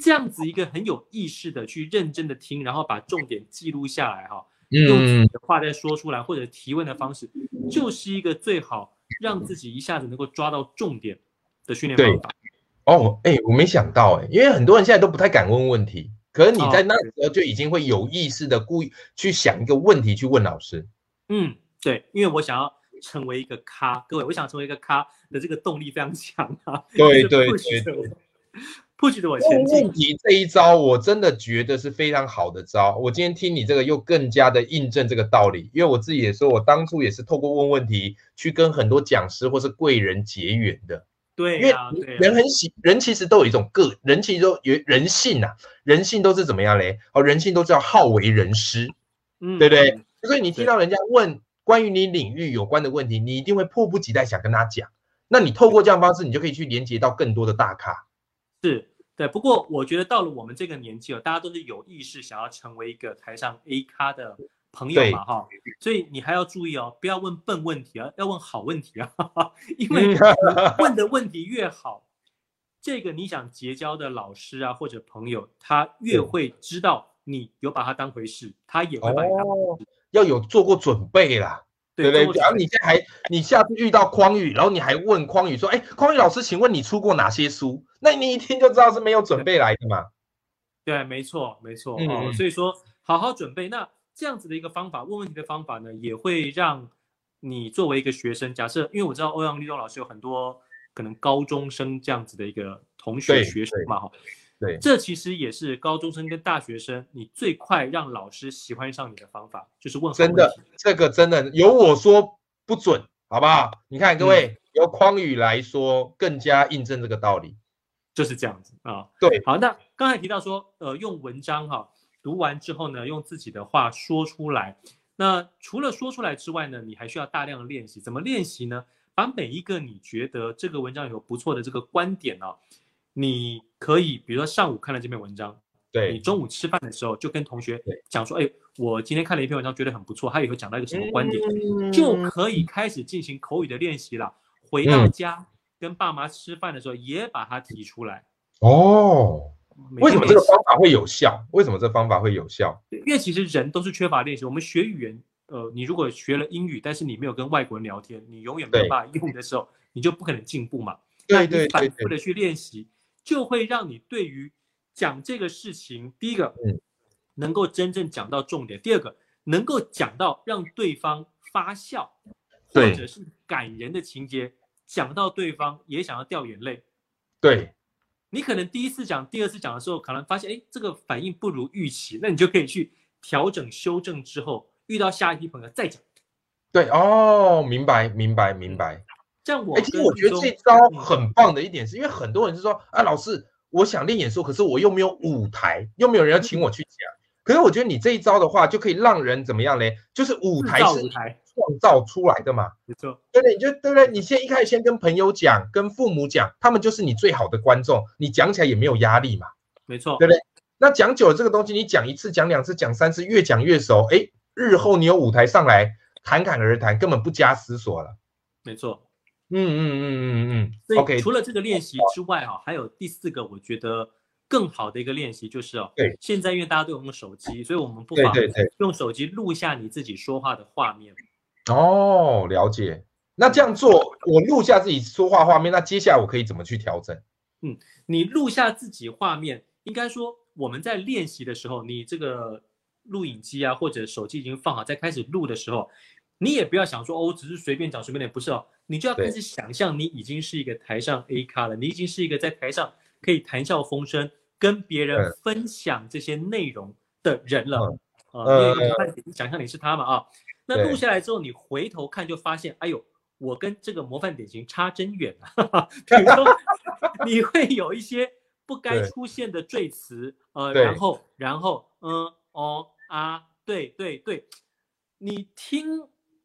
這樣子一個很有意識的去認真的聽，然後把重點記錄下來哈，嗯，用自己的話再說出來或者提問的方式，就是一個最好讓自己一下子能夠抓到重點的訓練方法。對，哦，哎，我沒想到哎，因為很多人現在都不太敢問問題。可是你在那個時候就已經會有意識的故意去想一個問題去問老師，oh,，嗯，對，因為我想要成為一個咖，各位，我想成為一個咖的這個動力非常強啊，對對對，對，就是，push, 的對，對，push 的我前進。你這一招，我真的覺得是非常好的招。我今天聽你這個，又更加的印證這個道理。因為我自己也說，我當初也是透過問問題去跟很多講師或是貴人結緣的。對，因為人很喜、啊啊，人其實都有一種個人，其實都有人性吶、啊，人性都是怎麼樣嘞？哦，人性都知道好為人師，嗯，對不對、嗯、對？所以你聽到人家問關於你領域有關的問題，你一定會迫不及待想跟他講。那你透過這樣方式，你就可以去連接到更多的大咖。是，對，不過我覺得到了我們這個年紀哦，大家都是有意識想要成為一個台上 A 咖的。朋友嘛，哈、哦，所以你還要注意哦，不要問笨問題啊，要問好問題啊，因為問的問題越好， [LAUGHS] 這個你想結交的老師啊或者朋友，他越會知道你有把他當回事，他也會把你當回事、哦。要有做過準備啦，對不對？然後你現在還，你下次遇到匡宇，然後你還問匡宇說：“哎，匡宇老師，請問你出過哪些書？”那你一聽就知道是沒有準備來的嘛。對，對沒錯，沒錯。嗯，嗯、哦，所以說好好準備那，這樣子的一個方法，問問題的方法呢，也會讓你作為一個學生，假設，因為我知道歐陽立中老師有很多可能高中生這樣子的一個同學學生嘛哈，對，這其實也是高中生跟大學生，你最快讓老師喜歡上你的方法就是問，問。真的，這個真的由我說不準，好不好？你看各位，嗯、由匡宇來說更加印證這個道理，就是這樣子啊。對，好，那剛才提到說，呃，用文章哈。啊讀完之後呢，用自己的話說出來。那除了說出來之外呢，你還需要大量的練習。怎麼練習呢？把每一個你覺得這個文章有不錯的這個觀點哦、啊，你可以比如說上午看了這篇文章，對你中午吃飯的時候就跟同學講說，哎，我今天看了一篇文章，覺得很不錯，他有個講到一個什麼觀點、嗯，就可以開始進行口語的練習了。嗯、回到家跟爸媽吃飯的時候，也把它提出來。哦。為什麼這個方法會有效？為什麼這方法會有效？因為其實人都是缺乏練習。我們學語言，呃，你如果學了英語，但是你沒有跟外國人聊天，你永遠沒有辦法用的時候，你就不可能進步嘛。對對。那你反復的去練習，就會讓你對於講這個事情，第一個，嗯，能夠真正講到重點，第二個，能夠講到讓對方發笑，或者是感人的情節，講到對方也想要掉眼淚。對。你可能第一次講，第二次講的時候，可能發現哎，這個反應不如預期，那你就可以去調整、修正之後，遇到下一批朋友再講。對哦，明白，明白，明白。這樣我，哎，其實我覺得這招很棒的一點是，是因為很多人是說啊，老師，我想練演說，可是我又沒有舞台，又沒有人要請我去講。嗯，可是我覺得你這一招的話，就可以讓人怎麼樣嘞？就是舞台，舞台。創造出來的嘛，沒錯，對不對？你就對不對？你先一開始先跟朋友講，跟父母講，他們就是你最好的觀眾，你講起來也沒有壓力嘛，沒錯，對不對？那講久了這個東西，你講一次，講兩次，講三次，越講越熟，哎，日後你有舞台上來侃侃而談，根本不假思索了，沒錯嗯，嗯嗯嗯嗯嗯嗯，OK。除了這個練習之外啊，還有第四個，我覺得更好的一個練習就是哦，對，現在因為大家都用手機，所以我們不妨用手機錄下你自己說話的畫面。哦，了解。那這樣做，我錄下自己說話畫面。那接下來我可以怎麼去調整？嗯，你錄下自己畫面，應該說我們在練習的時候，你這個錄影機啊或者手機已經放好，在開始錄的時候，你也不要想說哦，只是隨便講隨便點，不是哦，你就要開始想象你已經是一個台上 A 咖了，你已經是一個在台上可以談笑風生，跟別人分享這些內容的人了啊。你、嗯嗯嗯呃呃呃呃、想象你是他嘛啊？那錄下來之後，你回頭看就發現，哎呦，我跟這個模範典型差真遠啊！哈哈，比如說， [LAUGHS] 你會有一些不該出現的贅詞，呃，然後，然後，嗯，哦啊，對對對，你聽，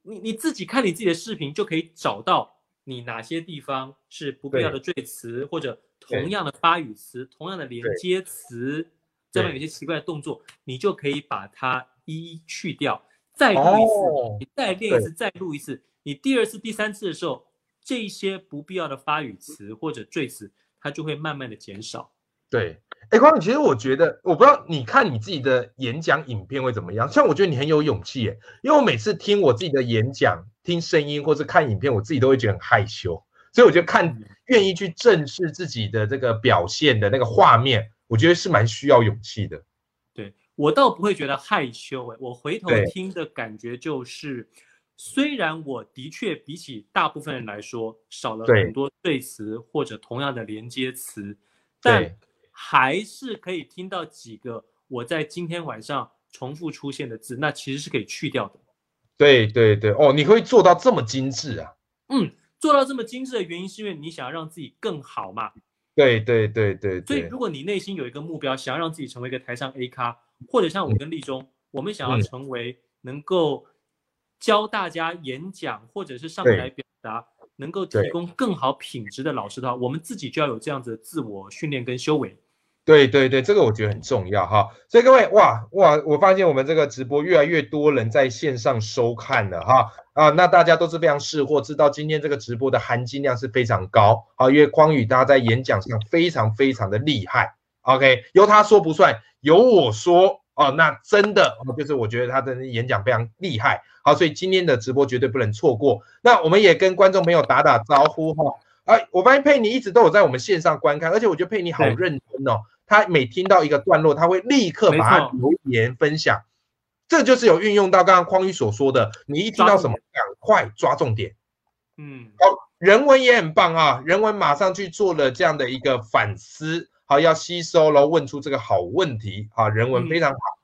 你你自己看你自己的視頻，就可以找到你哪些地方是不必要的贅詞，或者同樣的發語詞、同樣的連接詞，這邊有些奇怪的動作，你就可以把它一一去掉。再錄一次，哦、你再練一次，再錄一次。你第二次、第三次的時候，這一些不必要的發語詞或者贅詞，它就會慢慢的減少。對，哎，匡宇，其實我覺得，我不知道你看你自己的演講影片會怎麼樣。像我覺得你很有勇氣，哎，因為我每次聽我自己的演講，聽聲音或是看影片，我自己都會覺得很害羞。所以我覺得看、嗯、願意去正視自己的這個表現的那個畫面，我覺得是蠻需要勇氣的。我倒不會覺得害羞欸，我回頭聽的感覺就是，雖然我的確比起大部分人來說少了很多對詞或者同樣的連接詞，但還是可以聽到幾個我在今天晚上重複出現的字，那其實是可以去掉的。對對對，哦，你可以做到這麼精致啊？嗯，做到這麼精致的原因是因為你想要讓自己更好嘛？對對對對。所以如果你內心有一個目標，想要讓自己成為一個台上 A 咖。或者像我跟立中，嗯，我們想要成為能夠教大家演講或者是上台表達，嗯，能夠提供更好品質的老師的話，對對對，我們自己就要有這樣子的自我訓練跟修為。對對對，這個我覺得很重要哈。所以各位哇哇，我發現我們這個直播越來越多人在線上收看了哈啊，那大家都是非常識貨，知道今天這個直播的含金量是非常高啊，因為匡宇，大家在演講上非常非常的厲害。OK，由他說不算。由我說哦、呃，那真的就是我覺得他的演講非常厲害。好，所以今天的直播絕對不能錯過。那我們也跟觀眾朋友打打招呼哈、呃。我發現佩妮一直都有在我們線上觀看，而且我覺得佩妮好認真哦。他每聽到一個段落，他會立刻把它留言分享。這就是有運用到剛剛匡宇所說的，你一聽到什麼，趕快抓重點。嗯，好、哦，人文也很棒啊，人文馬上去做了這樣的一個反思。好，要吸收，然後問出這個好問題啊，人文非常好。嗯、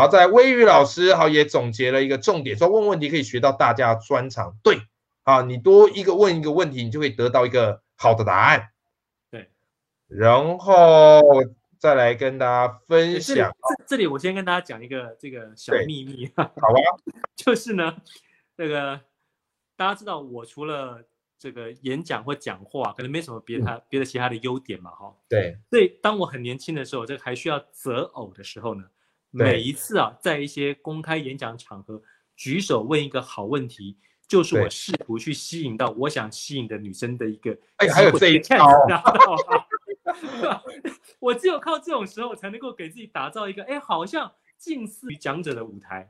好，在匡宇老師好也總結了一個重點，說問問題可以學到大家專長。對，啊，你多一個問一個問題，你就可以得到一個好的答案。對，然後再來跟大家分享。欸、這裡這，這裡我先跟大家講一個這個小秘密哈哈，好吧，就是呢，那、這個大家知道，我除了。這個演講或講話、啊、可能沒什麼別的、嗯、別的其他的優點嘛哈、哦？對，所以當我很年輕的時候，這個還需要擇偶的時候呢，每一次啊，在一些公開演講場合舉手問一個好問題，就是我試圖去吸引到我想吸引的女生的一個哎，還有這一站， [LAUGHS] [LAUGHS] 我只有靠這種時候才能夠給自己打造一個哎，好像近似於講者的舞台。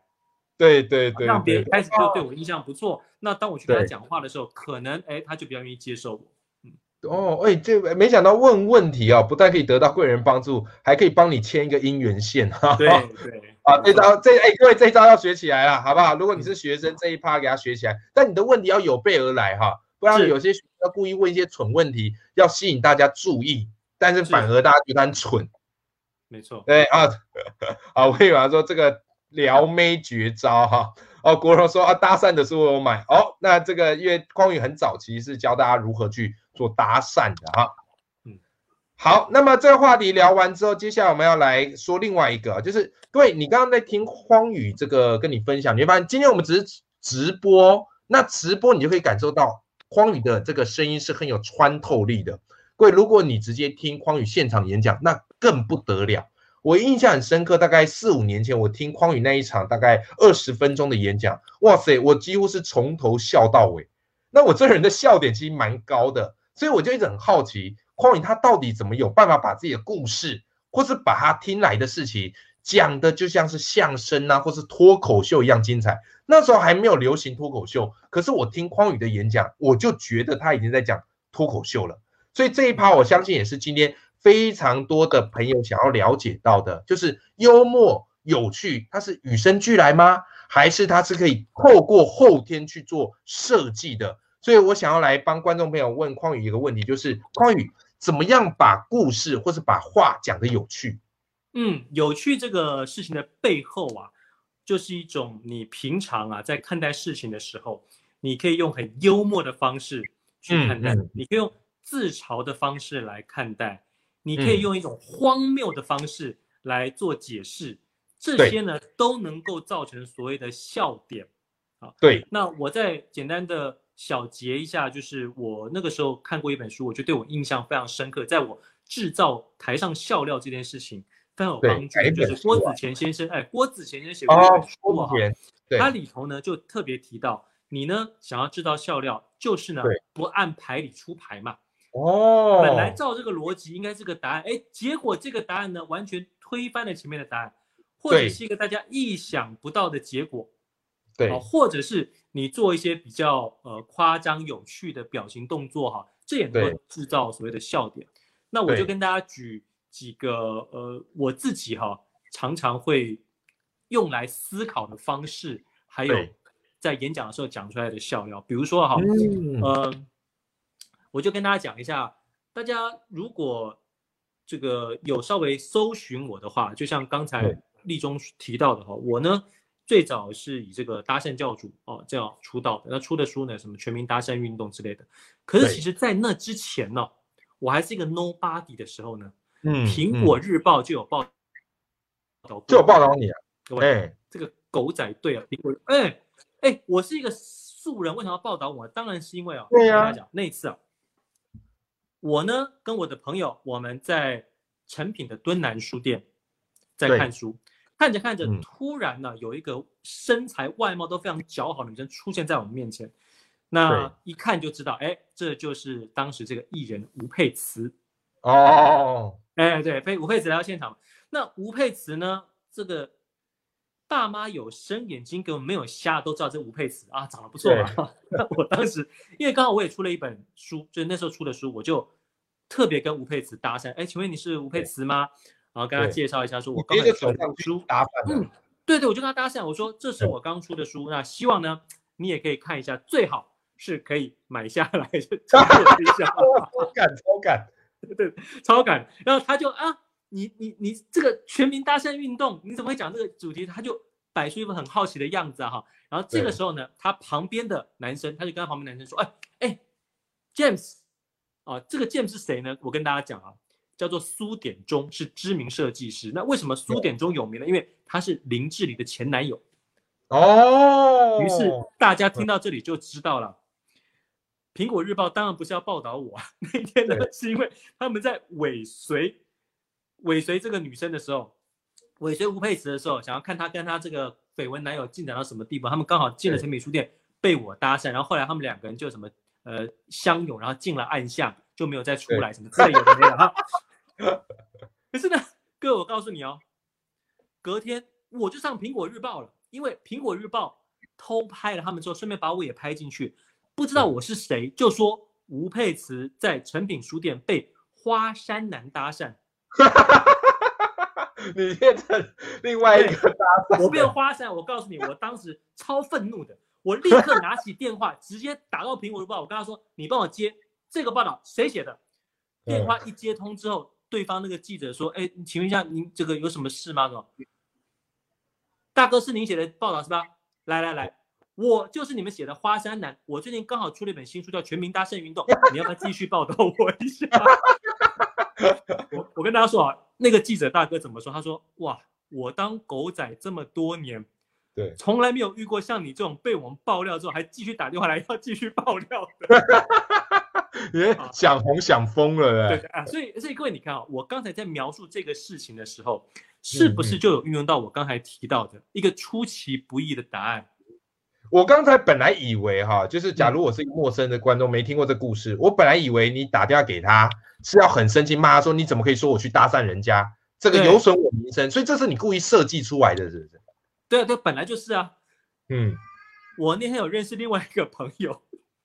對對，對對對，讓別人開始就對我印象不錯、哦。那當我去跟他講話的時候，可能哎，他就比較願意接受我。嗯、哦，哎、欸，這沒想到問問題啊，不但可以得到貴人幫助，還可以幫你牽一個姻緣線啊。對對，啊，這招、欸、這哎，各位這招要學起來啊，好不好？如果你是學生，嗯、這一趴給他學起來，但你的問題要有備而來哈、啊，不然有些要故意問一些蠢問題，要吸引大家注意，但是反而大家覺得很蠢。沒錯。對啊啊，嗯、呵呵好我以為他說這個。撩妹絕招哈哦，國榮說啊，搭訕的時候我買哦，那這個因為匡宇很早期是教大家如何去做搭訕的哈，嗯、啊，好，那麼這個話題聊完之後，接下來我們要來說另外一個，就是各位你剛剛在聽匡宇這個跟你分享，你會發現今天我們只是直播，那直播你就可以感受到匡宇的這個聲音是很有穿透力的，各位如果你直接聽匡宇現場演講，那更不得了。我印象很深刻，大概四五年前，我聽匡宇那一場大概二十分鐘的演講，哇塞，我幾乎是從頭笑到尾。那我這人的笑點其實蠻高的，所以我就一直很好奇，匡宇他到底怎麼有辦法把自己的故事，或是把他聽來的事情講得就像是相聲啊，或是脫口秀一樣精彩。那時候還沒有流行脫口秀，可是我聽匡宇的演講，我就覺得他已經在講脫口秀了。所以這一趴，我相信也是今天。非常多的朋友想要了解到的，就是幽默有趣，它是與生俱來嗎？還是它是可以透過後天去做設計的？所以我想要來幫觀眾朋友問匡宇一個問題，就是匡宇，怎麼樣把故事或是把話講得有趣？嗯，有趣這個事情的背後啊，就是一種你平常啊在看待事情的時候，你可以用很幽默的方式去看待，嗯嗯、你可以用自嘲的方式來看待。你可以用一種荒謬的方式來做解釋，嗯、這些呢都能夠造成所謂的笑點，啊，對。那我再簡單的小結一下，就是我那個時候看過一本書，我就對我印象非常深刻，在我制造台上笑料這件事情非常有幫助，就是郭子乾先生，哎，郭子乾先生寫過一本書，他裡頭呢就特別提到，你呢想要制造笑料，就是呢不按牌理出牌嘛。哦，本來照這個邏輯應該是個答案，哎，結果這個答案呢完全推翻了前面的答案，或者是一個大家意想不到的結果，對，啊、或者是你做一些比較呃誇張有趣的表情動作哈，這也能夠製造所謂的笑點。那我就跟大家舉幾個呃我自己哈、啊、常常會用來思考的方式，還有在演講的時候講出來的笑料，比如說哈、啊，嗯。呃我就跟大家講一下，大家如果這個有稍微搜尋我的話，就像剛才立中提到的哈，我呢最早是以這個搭訕教主哦這樣出道的。那出的書呢，什麼《全民搭訕運動》之類的。可是其實在那之前呢、哦，我還是一個 Nobody 的時候呢、嗯嗯，蘋果日報就有報道，就有報道你，啊。各位、哎，這個狗仔隊啊，哎哎，我是一個素人，為什麼要報道我？當然是因為、哦、啊，對呀，我跟你講，那次啊。我呢，跟我的朋友，我們在誠品的敦南書店，在看書，看着看着，突然呢、嗯，有一個身材外貌都非常姣好的女生出現在我們面前，那一看就知道，哎，這就是當時這個藝人吳佩慈哦，哎、oh.，對，吳佩慈來到現場，那吳佩慈呢，這個。大媽有生眼睛根本沒有瞎，都知道這吳佩慈啊長得不錯嘛。 [LAUGHS] 我當時因為剛好我也出了一本書，就是那時候出的書，我就特別跟吳佩慈搭訕。哎、欸，請問你是吳佩慈嗎？然後跟他介紹一下說，我剛說我剛出的書。嗯，對，對對，我就跟他搭訕，我說這是我剛出的書、嗯，那希望呢你也可以看一下，最好是可以買下來。超感 [LAUGHS] [LAUGHS] 超感，對 [LAUGHS] 超感， [LAUGHS] 超感。然後他就啊。你你你這個全民搭訕運動，你怎麼會講這個主題？他就擺出一副很好奇的樣子啊哈。然後這個時候呢，他旁邊的男生他就跟他旁邊的男生說：“哎哎，James，啊，這個 James 是誰呢？我跟大家講啊，叫做蘇典中，是知名設計師。那為什麼蘇典中有名呢？因為他是林志玲的前男友哦。於是大家聽到這裡就知道了。嗯、蘋果日報當然不是要報道我啊，那天呢是因為他們在尾隨。”尾隨這個女生的時候，尾隨吳佩慈的時候，想要看她跟她這個緋聞男友進展到什麼地步。他們剛好進了誠品書店，被我搭訕，然後後來他們兩個人就什麼呃相擁，然後進了暗巷就沒有再出來，什麼之類的沒有哈。 [LAUGHS] 可是呢，哥，我告訴你哦，隔天我就上蘋果日報了，因為蘋果日報偷拍了他們之後，順便把我也拍進去，不知道我是誰，嗯、就說吳佩慈在誠品書店被花山男搭訕。哈哈哈哈哈！你變成另外一個搭訕，我變花山。我告訴你，我當時超憤怒的，我立刻拿起電話，直接打到蘋果日報。我跟他說：“你幫我接這個報道，誰寫的？”電話一接通之後，對方那個記者說：“哎、嗯，請問一下，您這個有什麼事嗎？大哥是您寫的報道是吧？來來來，我就是你們寫的花山男。我最近剛好出了一本新書，叫《全民搭訕運動》， [LAUGHS] 你要不要繼續報道我一下？” [LAUGHS] [LAUGHS] 我我跟大家說啊，那個記者大哥怎麼說？他說：“哇，我當狗仔這麼多年，對，從來沒有遇過像你這種被我們爆料之後還繼續打電話來要繼續爆料的，哈哈哈哈哈！想紅想瘋了唄。啊”對，對，對啊，所以所以各位你看啊，我剛才在描述這個事情的時候，是不是就有運用到我剛才提到的一個出其不意的答案？我剛才本來以為哈，就是假如我是一個陌生的觀眾，沒聽過這故事，嗯，我本來以為你打電話給他是要很生氣罵他說，你怎麼可以說我去搭訕人家，這個有損我名聲，所以這是你故意設計出來的，是不是？對啊，對，本來就是啊。嗯，我那天有認識另外一個朋友，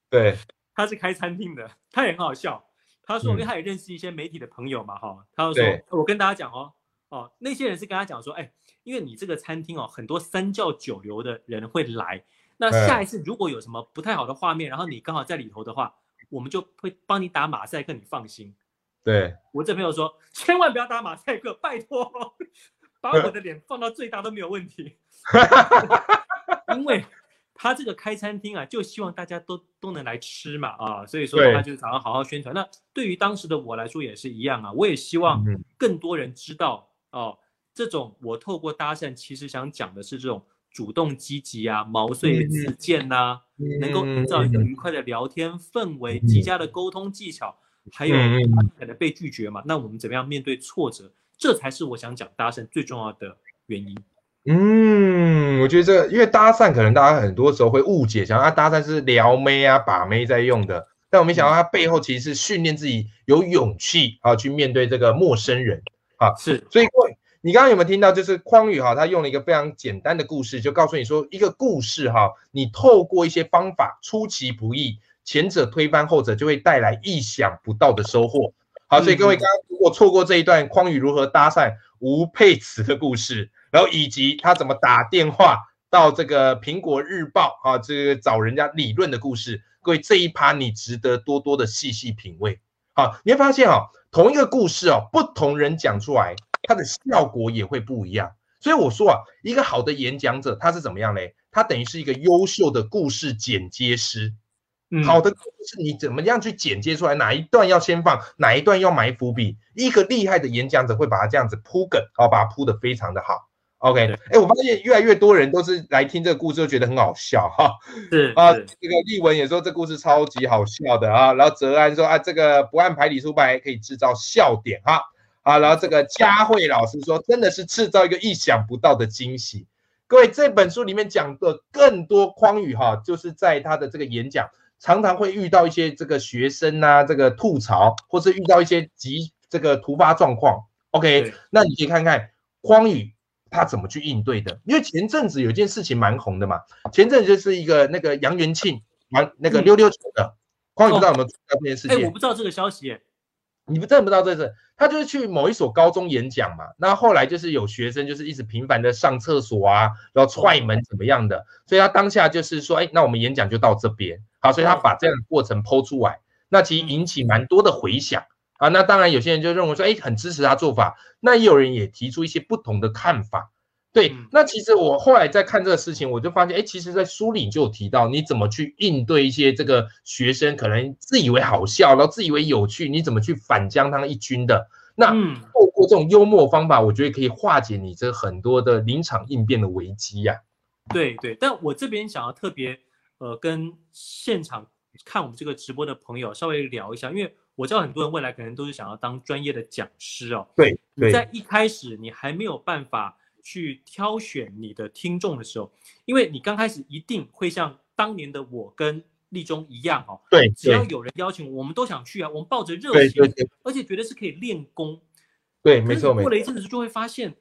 對，他是開餐廳的，他也很好笑。他說，我因為他也認識一些媒體的朋友嘛，哈，嗯，他就說，我跟大家講哦，哦，那些人是跟他講說，哎，因為你這個餐廳哦，很多三教九流的人會來。那下一次如果有什麼不太好的畫面，然後你剛好在裡頭的話，我們就會幫你打馬賽克，你放心。對我這朋友說，千萬不要打馬賽克，拜托，把我的臉放到最大都沒有問題。 [LAUGHS] [LAUGHS] 因為他這個開餐廳啊，就希望大家都都能來吃嘛，啊，所以說他就想要好,好好宣傳。那對於當時的我來說也是一樣啊，我也希望更多人知道哦、啊，這種我透過搭訕其實想講的是這種。主動積極啊，毛遂自薦吶、啊嗯嗯，能夠營造一個愉快的聊天氛圍、嗯，極佳的溝通技巧，嗯、還有可能被拒絕嘛？嗯、那我們怎麼樣面對挫折？這才是我想講搭訕最重要的原因。嗯，我覺得、這個、因為搭訕可能大家很多時候會誤解，想他、啊、搭訕是撩妹啊把妹在用的，但我沒想到它背後其實是訓練自己有勇氣啊去面對這個陌生人啊，是，所以你剛剛有沒有聽到？就是匡宇哈，他用了一個非常簡單的故事，就告訴你說，一個故事哈、啊，你透過一些方法出其不意，前者推翻後者，就會帶來意想不到的收穫。好，所以各位，剛剛如果錯過這一段匡宇如何搭訕吳佩慈的故事，然後以及他怎麼打電話到這個蘋果日報啊，這個找人家理論的故事，各位，這一趴你值得多多的細細品味。好，你會發現哈、啊，同一個故事哦、啊，不同人講出來。它的效果也會不一樣，所以我說啊，一個好的演講者他是怎麼樣嘞？他等於是一個優秀的故事剪接師。好的故事，你怎麼樣去剪接出來？哪一段要先放？哪一段要埋伏筆？一個厲害的演講者會把它這樣子鋪梗啊，把它鋪得非常的好。OK，誒、欸、我發現越來越多人都是來聽這個故事，都覺得很好笑哈。啊,啊，這個立文也說這故事超級好笑的啊。然後哲安說啊，這個不按牌理出牌可以制造笑點哈、啊。啊，然後這個佳慧老師說，真的是制造一個意想不到的驚喜。各位，這本書裡面講的更多框語哈，就是在他的這個演講，常常會遇到一些這個學生啊，這個吐槽，或是遇到一些急這個突發狀況。OK，那你去看看匡宇他怎麼去應對的。因為前陣子有件事情蠻紅的嘛，前陣子就是一個那個楊元慶玩那個溜溜球的，匡宇知道有沒有？哎、哦欸，我不知道這個消息、欸。你不真的不知道，這是他就是去某一所高中演講嘛？那後來就是有學生就是一直頻繁的上廁所啊，然後踹門怎麼樣的？所以他當下就是說：“哎，那我們演講就到這邊。”好，所以他把這樣的過程 PO 出來，那其實引起蠻多的回響啊。那當然有些人就認為說：“哎，很支持他做法。”那也有人也提出一些不同的看法。對，那其實我後來在看這個事情，我就發現，哎，其實，在書裡就有提到，你怎麼去應對一些這個學生可能自以為好笑，然後自以為有趣，你怎麼去反將他們一軍的？那透過這種幽默方法，我覺得可以化解你這很多的臨場應變的危機呀、啊。對對，但我這邊想要特別呃，跟現場看我們這個直播的朋友稍微聊一下，因為我知道很多人未來可能都是想要當專業的講師哦。對，對。在一開始，你還沒有辦法。去挑選你的聽眾的時候，因為你剛開始一定會像當年的我跟立中一樣哦，對，只要有人邀請，我們都想去啊，我們抱着熱情，而且覺得是可以練功。對，沒錯，沒錯。過了一陣子就會發現，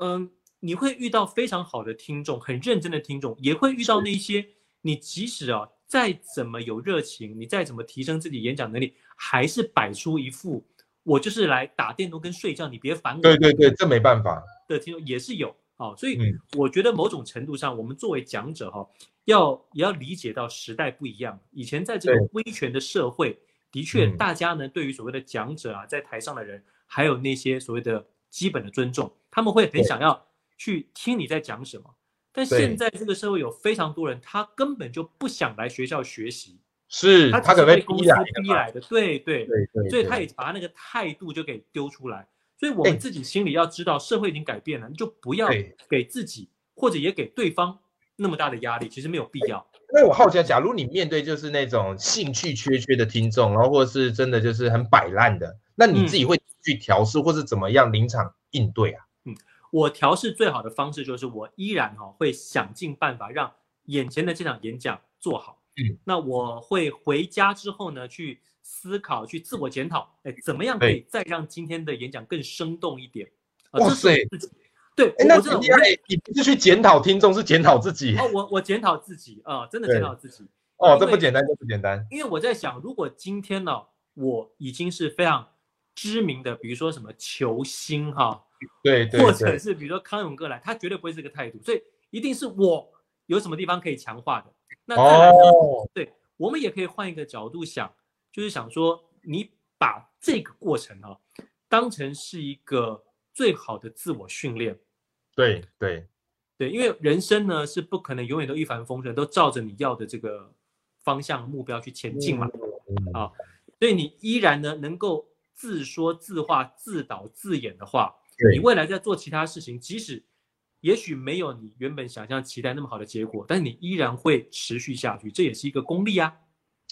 嗯，你會遇到非常好的聽眾，很認真的聽眾，也會遇到那些你即使啊再怎麼有熱情，你再怎麼提升自己演講能力，還是擺出一副我就是來打電動跟睡覺，你別煩我。對對對，這沒辦法。的聽眾也是有哦，所以我覺得某種程度上，我們作為講者哈、嗯，要也要理解到時代不一樣。以前在這個威權的社會，的確大家呢、嗯、對於所謂的講者啊，在台上的人，還有那些所謂的基本的尊重，他們會很想要去聽你在講什麼。但現在這個社會有非常多人，他根本就不想來學校學習，是他他可能被公司逼來的，對對對，對，所以他也把那個態度就給丟出來。所以我們自己心裡要知道，社會已經改變了，你、欸、就不要給自己或者也給對方那麼大的壓力，欸、其實沒有必要。因為我好奇，假如你面對就是那種興趣缺缺的聽眾，然後或者是真的就是很擺爛的，那你自己會去調試、嗯、或是怎麼樣臨場應對啊？嗯，我調試最好的方式就是我依然哈會想盡辦法讓眼前的這場演講做好。嗯，那我會回家之後呢去。思考，去自我檢討，哎，怎麼樣可以再讓今天的演講更生動一點？對呃、這是對自己對。那這種你不是去檢討聽眾，是檢討自己。哦，我我檢討自己啊、呃，真的檢討自己、啊。哦，這不簡單，這不簡單。因為我在想，如果今天呢、哦，我已經是非常知名的，比如說什麼球星哈、哦，對，或者是比如說康永哥來，他絕對不會是這個態度，所以一定是我有什麼地方可以強化的。那當然、哦、對我們也可以換一個角度想。就是想說，你把這個過程啊，當成是一個最好的自我訓練。對對對，因為人生呢是不可能永遠都一帆風順，都照着你要的這個方向目標去前進嘛。嗯嗯、啊，所以你依然呢能夠自說自話、自導自演的話，對你未來在做其他事情，即使也許沒有你原本想象期待那麼好的結果，但你依然會持續下去，這也是一個功力呀、啊。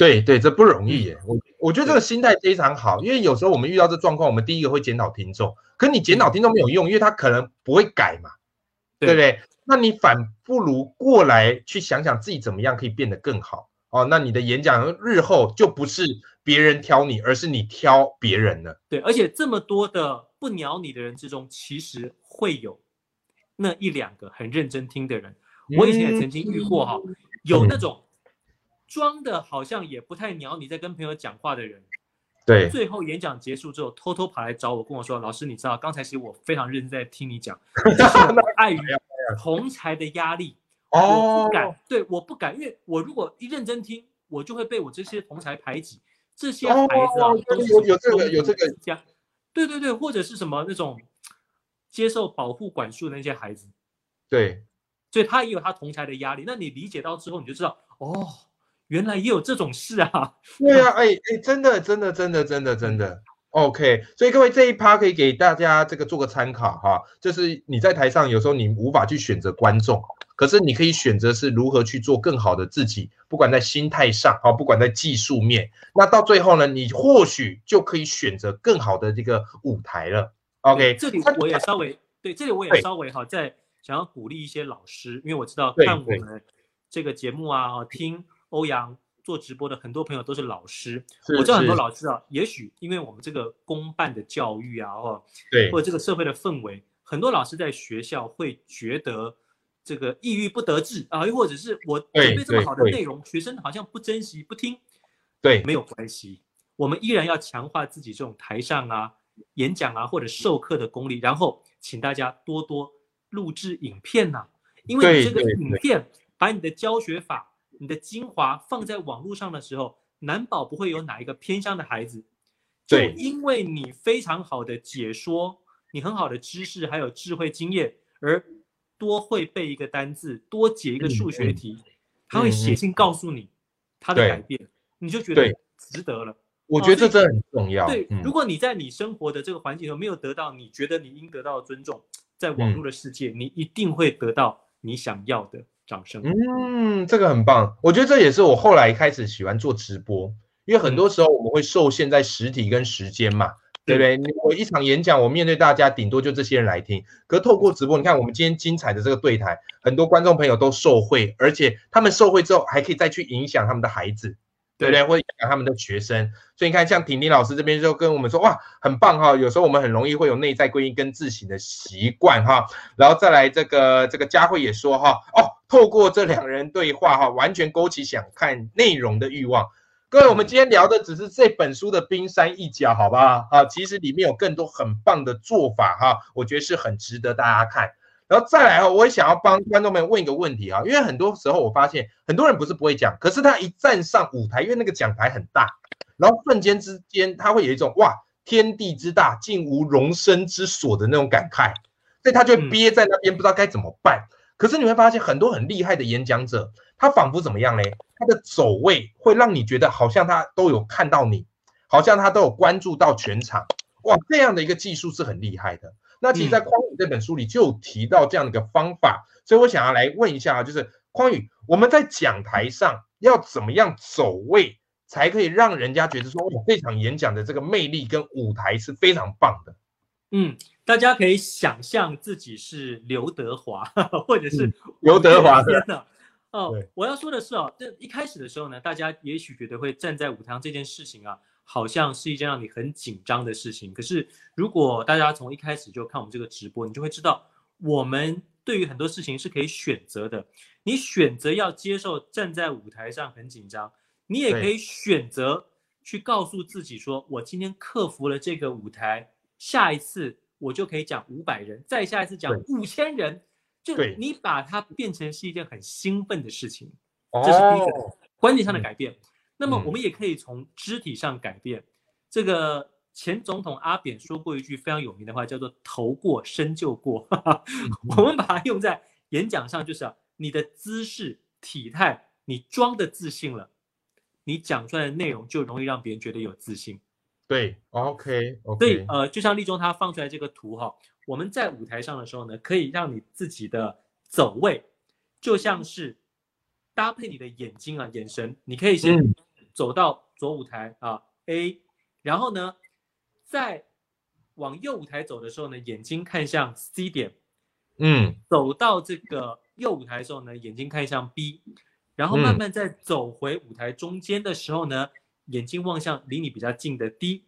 對對，這不容易耶。嗯、我我覺得這個心態非常好，因為有時候我們遇到這狀況，我們第一個會檢討聽眾，可你檢討聽眾沒有用，因為他可能不會改嘛對，對不對？那你反不如過來去想想自己怎麼樣可以變得更好哦。那你的演講日後就不是別人挑你，而是你挑別人了。對，而且這麼多的不鳥你的人之中，其實會有那一兩個很認真聽的人。嗯、我以前也曾經遇過哈、嗯，有那種。裝的好像也不太鳥你在跟朋友講話的人，對。最後演講結束之後，偷偷跑來找我，跟我說：“老師，你知道，剛才其實我非常認真在聽你講，但 [LAUGHS] 是礙於同儕的壓力， [LAUGHS] 哎、我不敢、哦。對，我不敢，因為我如果一認真聽，我就會被我這些同儕排擠。這些孩子啊，有、哦哦哦、有這個有這個家，對對對，或者是什麼那種接受保護管束的那些孩子，對。所以他也有他同儕的壓力。那你理解到之後，你就知道哦。原來也有這種事啊！ [LAUGHS] 對啊，哎哎，真的真的真的真的真的，OK。所以各位這一趴可以給大家這個做個參考哈、啊，就是你在台上有時候你無法去選擇觀眾，可是你可以選擇是如何去做更好的自己，不管在心態上啊，不管在技術面，那到最後呢，你或許就可以選擇更好的這個舞台了。OK，這裡我也稍微對這裡我也稍微哈，在想要鼓勵一些老師，因為我知道看我們這個節目啊，對對對，聽。歐陽，做直播的很多朋友都是老師。我知道很多老師啊，也許因為我們這個公辦的教育啊，哦對，或者這個社會的氛圍，很多老師在學校會覺得這個抑鬱不得志啊，又或者是我準備這麼好的內容，學生好像不珍惜不聽。對，沒有關係，我們依然要強化自己這種台上啊演講啊或者授課的功力，然後請大家多多錄制影片吶、啊，因為你這個影片把你的教學法，你的精華放在網絡上的時候，難保不會有哪一個偏鄉的孩子，就因為你非常好的解說，你很好的知識，還有智慧經驗，而多會背一個單字，多解一個數學題，他、嗯嗯嗯、會寫信告訴你他的改變，你就覺得值得了。我覺得這真的很重要。啊、對、嗯，如果你在你生活的這個環境中沒有得到、嗯、你覺得你應得到的尊重，在網絡的世界，你一定會得到你想要的。掌聲。嗯，這個很棒。我覺得這也是我後來開始喜歡做直播，因為很多時候我們會受限在實體跟時間嘛，嗯、對不對？我一場演講，我面對大家，頂多就這些人來聽。可透過直播，你看我們今天精彩的這個對談，很多觀眾朋友都受惠，而且他們受惠之後，還可以再去影響他們的孩子。對不對？會影響他們的學生，所以你看，像婷婷老師這邊就跟我們說，哇，很棒哈。有時候我們很容易會有內在歸因跟自省的習慣哈，然後再來這個這個佳慧也說哈，哦，透過這兩人對話哈，完全勾起想看內容的慾望。各位，我們今天聊的只是這本書的冰山一角，好不好？啊、嗯，其實裡面有更多很棒的做法哈，我覺得是很值得大家看。然後再來啊、哦，我也想要幫觀眾們問一個問題啊，因為很多時候我發現很多人不是不會講，可是他一站上舞台，因為那個講台很大，然後瞬間之間他會有一種哇天地之大，竟無容身之所的那種感慨，所以他就憋在那邊、嗯、不知道該怎麼辦。可是你會發現很多很厲害的演講者，他仿佛怎麼樣嘞？他的走位會讓你覺得好像他都有看到你，好像他都有關注到全場，哇，這樣的一個技術是很厲害的。那其實，在匡宇這本書裡就有提到這樣的一個方法、嗯，所以我想要來問一下啊，就是匡宇，我們在講台上要怎麼樣走位，才可以讓人家覺得說，哇，這場演講的這個魅力跟舞台是非常棒的。嗯，大家可以想象自己是劉德華或者是、嗯、劉德華的。天哪、啊！哦，我要說的是哦、啊，這一開始的時候呢，大家也許覺得會站在舞台這件事情啊。好像是一件讓你很緊張的事情。可是，如果大家從一開始就看我們這個直播，你就會知道，我們對於很多事情是可以選擇的。你選擇要接受站在舞台上很緊張，你也可以選擇去告訴自己說：“我今天克服了這個舞台，下一次我就可以講五百人，再下一次講五千人。”就你把它變成是一件很興奮的事情，這是第一個、哦、觀念上的改變。嗯。那麼我們也可以從肢體上改變，嗯。這個前總統阿扁說過一句非常有名的話，叫做投“頭過身就過”哈哈，嗯。我們把它用在演講上，就是、啊、你的姿勢、體態，你裝的自信了，你講出來的內容就容易讓別人覺得有自信。對，okay，OK，對，呃，就像立中他放出來這個圖哈，哦，我們在舞台上的時候呢，可以讓你自己的走位，就像是搭配你的眼睛啊，嗯、眼神，你可以先、嗯。走到左舞台啊，A，然後呢，再往右舞台走的時候呢，眼睛看向 C 點，嗯，走到這個右舞台的時候呢，眼睛看向 B，然後慢慢再走回舞台中間的時候呢，嗯，眼睛望向離你比較近的 D，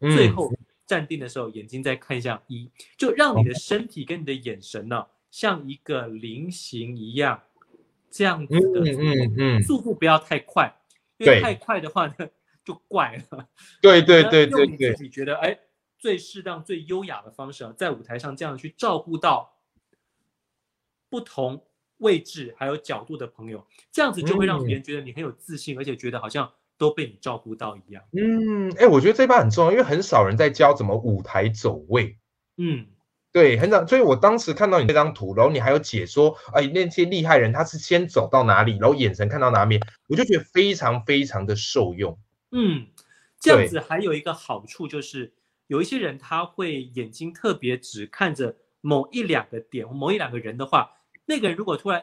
嗯，最後站定的時候，眼睛再看向 E，就讓你的身體跟你的眼神呢，啊嗯，像一個菱形一樣，這樣子的嗯嗯，嗯，速度不要太快。因為太快的話呢，就怪了。對對對對對，用你自己覺得對對對對，哎，最適當、最優雅的方式啊，在舞台上這樣去照顧到不同位置還有角度的朋友，這樣子就會讓別人覺得你很有自信，嗯、而且覺得好像都被你照顧到一樣。嗯，哎、欸，我覺得這把很重要，因為很少人在教怎麼舞台走位。嗯。對，很早，所以我當時看到你這張圖，然後你還有解說，哎，那些厲害人他是先走到哪裡，然後眼神看到哪裡，我就覺得非常非常的受用。嗯，這樣子還有一個好處就是，有一些人他會眼睛特別只看着某一兩個點或某一兩個人的話，那個人如果突然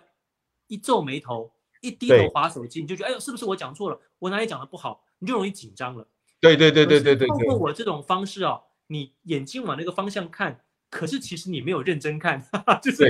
一皺眉頭、一低頭劃手機，你就覺得哎呦，是不是我講錯了？我哪裡講的不好？你就容易緊張了。對對對對對對，對。通過我這種方式哦，你眼睛往那個方向看。可是其實你沒有認真看，哈哈，就是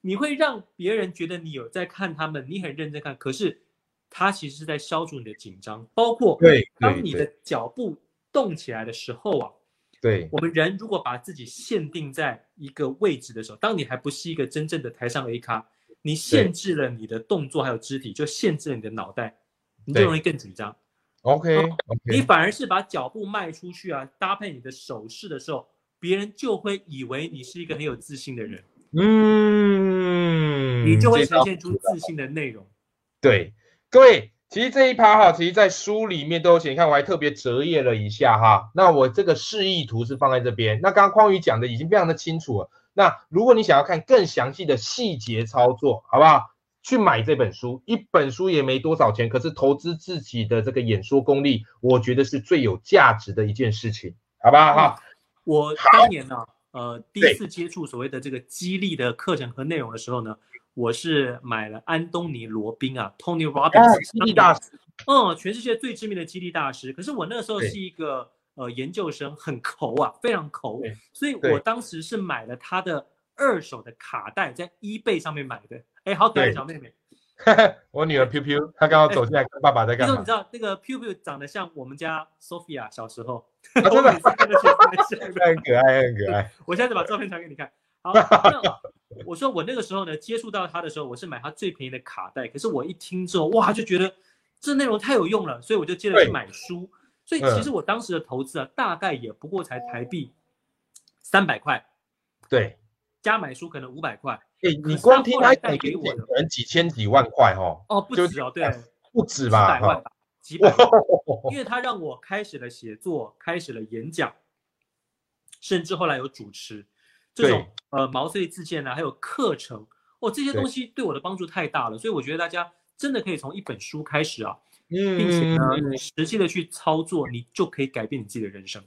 你會讓別人覺得你有在看他們，你很認真看。可是他其實是在消除你的緊張，包括對，當你的腳步動起來的時候啊。對，我們人如果把自己限定在一個位置的時候，當你還不是一個真正的台上 A 咖，你限制了你的動作還有肢體，就限制了你的腦袋，你就容易更緊張，啊。OK，你反而是把腳步邁出去啊，搭配你的手勢的時候。別人就會以為你是一個很有自信的人，嗯，你就會呈現出自信的內容。對，各位，其實這一趴哈，其實，在書裡面都有寫，你看我還特別折頁了一下哈。那我這個示意圖是放在這邊。那剛剛匡宇講的已經非常的清楚了。那如果你想要看更詳細的細節操作，好不好？去買這本書，一本書也沒多少錢，可是投資自己的這個演說功力，我覺得是最有價值的一件事情，好不好？好、嗯。我當年呢、啊，呃，第一次接觸所謂的這個激勵的課程和內容的時候呢，我是買了安東尼·羅賓啊，Tony Robbins，激、哎、勵大師，嗯，全世界最知名的激勵大師。可是我那個時候是一個呃研究生，很摳啊，非常摳，所以我當時是買了他的二手的卡帶，在 eBay 上面買的。哎，好可愛的小妹妹， [LAUGHS] 我女兒 Piu Piu，她剛剛走進來，跟爸爸在幹嘛？哎、你，你知道那個 Piu Piu 長得像我們家 Sophia 小時候。他每次看的時候， [LAUGHS] 很可愛，很可愛。 [LAUGHS] 我現在把照片傳給你看。好，我說我那個時候呢，接觸到他的時候，我是買他最便宜的卡帶。可是我一聽之後，哇，就覺得這內容太有用了，所以我就接着去買書。所以其實我當時的投資啊，大概也不過才台幣三百塊。對，加買書可能五百塊。哎，你光聽他帶給我的，可能幾千幾萬塊哈、哦。哦，不止哦，對，不止吧，哈。哦幾百萬，因為他讓我開始了寫作，開始了演講，甚至後來有主持，這種呃毛遂自薦呢、啊，還有課程哦，這些東西對我的幫助太大了，所以我覺得大家真的可以從一本書開始啊，並且呢、嗯、實際的去操作，你就可以改變你自己的人生。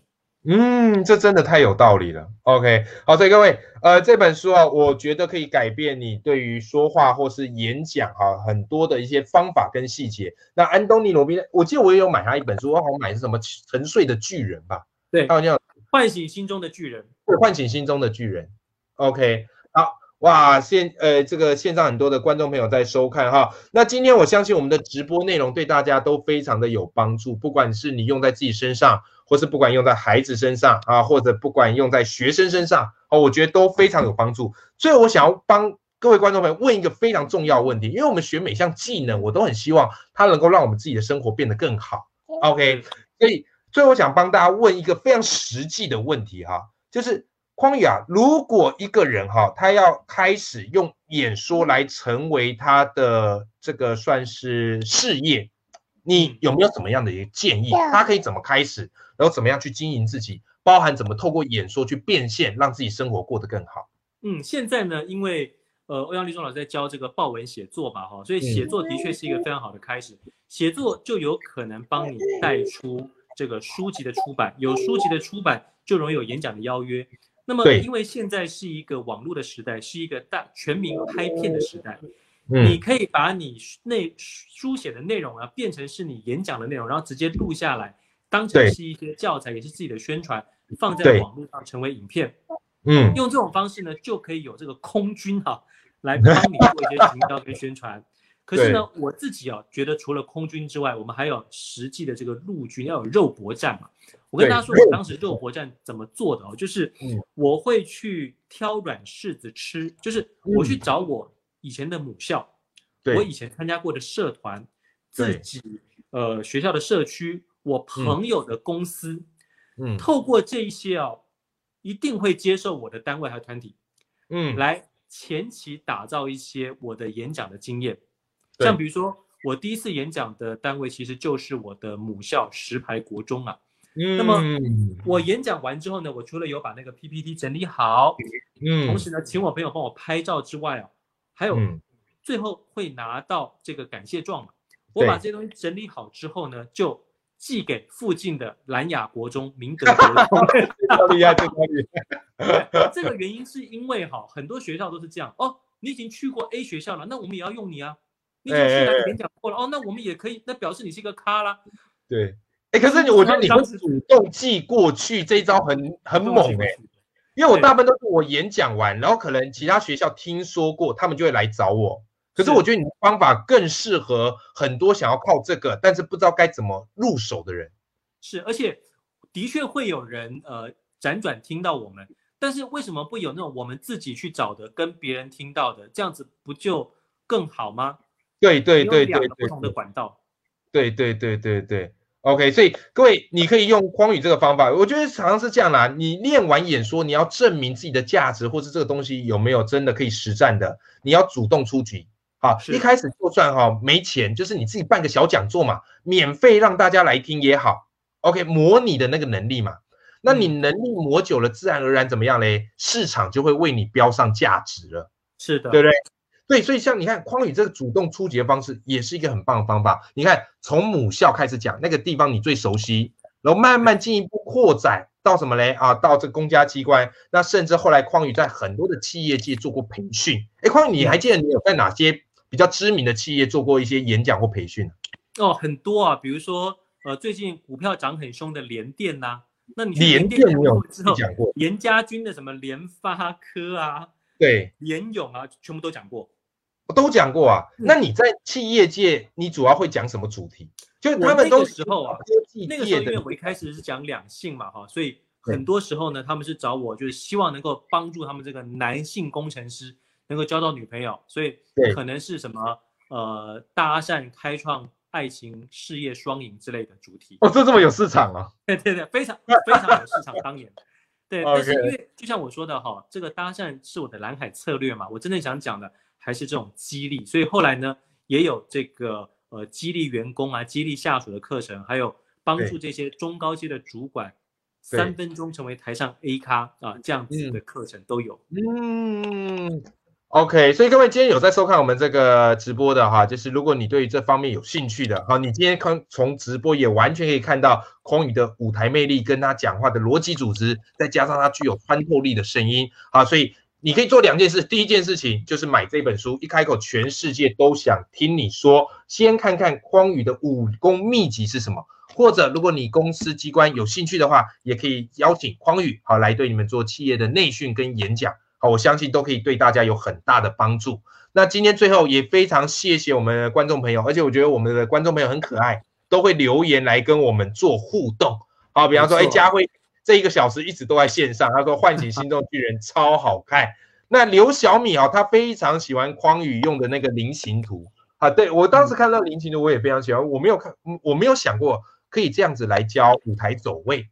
嗯，這真的太有道理了。OK，好，所以各位，呃，這本書啊，我覺得可以改變你對於說話或是演講啊很多的一些方法跟細節。那安東尼羅賓，我記得我也有買他一本書，我好像買的是什麼《沉睡的巨人》吧？對，啊、你好像喚醒心中的巨人。對，喚醒心中的巨人。OK，好、啊，哇，現呃這個線上很多的觀眾朋友在收看哈，那今天我相信我們的直播內容對大家都非常的有幫助，不管是你用在自己身上。或是不管用在孩子身上啊，或者不管用在學生身上哦、啊，我覺得都非常有幫助。所以，我想要幫各位觀眾朋友問一個非常重要的問題，因為我們學每項技能，我都很希望它能夠讓我們自己的生活變得更好。OK，所以，所以我想幫大家問一個非常實際的問題哈、啊，就是匡宇啊，如果一個人哈、啊，他要開始用演說來成為他的這個算是事業。你有沒有怎麼樣的一個建議、嗯？他可以怎麼開始，然後怎麼樣去經營自己，包含怎麼透過演說去變現，讓自己生活過得更好？嗯，現在呢，因為呃歐陽立中老師在教這個爆文寫作吧哈，所以寫作的確是一個非常好的開始、嗯。寫作就有可能幫你帶出這個書籍的出版，有書籍的出版就容易有演講的邀約。那麼因為現在是一個網絡的時代，是一個大全民拍片的時代。嗯，你可以把你內書寫的內容啊，變成是你演講的內容，然後直接錄下來，當成是一些教材，也是自己的宣傳，放在網絡上成為影片。嗯，用這種方式呢，就可以有這個空軍哈，來幫你做一些營銷跟宣傳。 [LAUGHS] 可是呢，我自己啊覺得，除了空軍之外，我們還有實際的這個陸軍，要有肉搏戰嘛。我跟大家說，我當時肉搏戰怎麼做的哦，就是我會去挑軟柿子吃，就是我去找我。以前的母校對，我以前參加過的社團，自己呃學校的社區，我朋友的公司，嗯，透過這一些哦，一定會接受我的單位還有團體，嗯，來前期打造一些我的演講的經驗，嗯、像比如說我第一次演講的單位其實就是我的母校石牌國中啊，嗯，那麼我演講完之後呢，我除了有把那個 PPT 整理好，嗯，同時呢請我朋友幫我拍照之外哦、啊。還有，最後會拿到這個感謝狀。嗯、我把這些東西整理好之後呢，就寄給附近的蘭雅國中、明德國中 [LAUGHS] [LAUGHS] 對 [LAUGHS] 對 [LAUGHS] 對、 [LAUGHS] 啊、這個原因是因為哈，很多學校都是這樣哦。你已經去過 A 學校了，那我們也要用你啊。你已經去演講過了欸欸欸哦，那我們也可以，那表示你是一個咖啦。對、欸，可是你，我覺得你當時主動寄過去，這一招很很猛、欸因為我大部分都是我演講完，然後可能其他學校聽說過，他們就會來找我。可是我覺得你的方法更適合很多想要靠這個，但是不知道該怎麼入手的人。是，而且的確會有人呃輾轉聽到我們，但是為什麼不有那種我們自己去找的，跟別人聽到的這樣子不就更好嗎？對對對對，兩個不同的管道。對對對對對。對對對對。OK，所以各位，你可以用匡宇這個方法。我覺得常常是這樣啦、啊，你練完演說，你要證明自己的價值，或是這個東西有沒有真的可以實戰的，你要主動出局。好、啊，一開始就算哈沒錢，就是你自己辦個小講座嘛，免費讓大家來聽也好。OK，磨你的那個能力嘛，那你能力磨久了，自然而然怎麼樣嘞？市場就會為你標上價值了。是的，對不對？對，所以像你看，匡宇這個主動出擊的方式也是一個很棒的方法。你看，從母校開始講，那個地方你最熟悉，然後慢慢進一步擴展到什麼嘞？啊，到這個公家機關，那甚至後來匡宇在很多的企業界做過培訓。哎，匡宇，你還記得你有在哪些比較知名的企業做過一些演講或培訓？哦，很多啊，比如說呃，最近股票漲很凶的聯電吶、啊，那你聯電講有講過聯家軍的什麼聯發科啊？對，聯詠啊，全部都講過。我都講過啊，嗯，那你在企業界，你主要會講什麼主題？就他們都是企我那個時候啊，業界。那個時候，因為我一開始是講兩性嘛，哈，所以很多時候呢，他們是找我，就是希望能夠幫助他們這個男性工程師能夠交到女朋友，所以可能是什麼呃搭訕、開創愛情、事業雙贏之類的主題。哦，這這麼有市場啊？對對，對對，非常非常有市場。 [LAUGHS] 當然，對，okay. 但是因為就像我說的哈，這個搭訕是我的藍海策略嘛，我真的想講的。還是這種激勵，所以後來呢，也有這個呃激勵員工啊、激勵下屬的課程，還有幫助這些中高級的主管，三分鐘成為台上 A 咖啊、呃、這樣子的課程都有。嗯,嗯，OK，所以各位今天有在收看我們這個直播的哈，就是如果你對於這方面有興趣的，好，你今天看從直播也完全可以看到匡宇的舞台魅力，跟他講話的邏輯組織，再加上他具有穿透力的聲音哈，所以。你可以做兩件事，第一件事情就是買這本書，一開口全世界都想聽你說。先看看匡宇的武功秘籍是什麼，或者如果你公司機關有興趣的話，也可以邀請匡宇好來對你們做企業的內訓跟演講。好，我相信都可以對大家有很大的幫助。那今天最後也非常謝謝我們的觀眾朋友，而且我覺得我們的觀眾朋友很可愛，都會留言來跟我們做互動。好，比方說，哎，佳慧。這一個小時一直都在線上，他說《喚醒心中的巨人》超好看。 [LAUGHS] 那劉小米哦、啊，他非常喜歡匡宇用的那個菱形圖啊，對，我當時看到菱形圖，我也非常喜歡。我沒有看，我沒有想過可以這樣子來教舞台走位，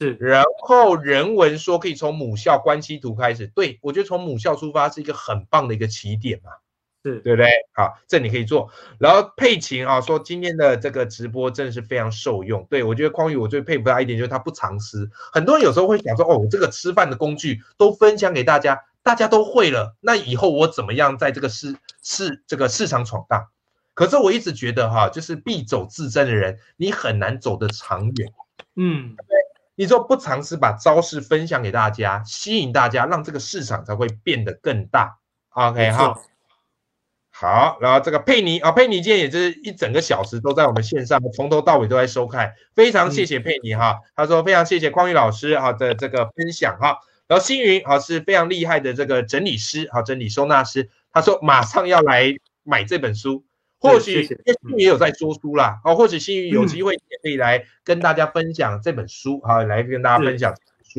是。然後人文說可以從母校關係圖開始，對，我覺得從母校出發是一個很棒的一個起點嘛、啊。是對不對？好，這你可以做。然後佩琴啊，說今天的這個直播真的是非常受用。對，我覺得匡宇，我最佩服他一點就是他不藏私。很多人有時候會想說，哦，我這個吃飯的工具都分享給大家，大家都會了，那以後我怎麼樣在這個市市這個市場闖蕩？可是我一直覺得哈、啊，就是敝帚自珍的人，你很難走得長遠。嗯，你說不藏私，把招式分享給大家，吸引大家，讓這個市場才會變得更大。OK，好。好，然後這個佩妮，啊，佩妮今天也是一整個小時都在我們線上，從頭到尾都在收看，非常謝謝佩妮、嗯、哈。她說非常謝謝匡宇老師啊的這個分享哈。然後星云啊是非常厲害的這個整理師啊，整理收納師，她說馬上要來買這本書，或許謝謝因為星雲也有在說書啦，啊、嗯哦，或許星雲有機會可以來跟大家分享這本書啊、嗯，來跟大家分享。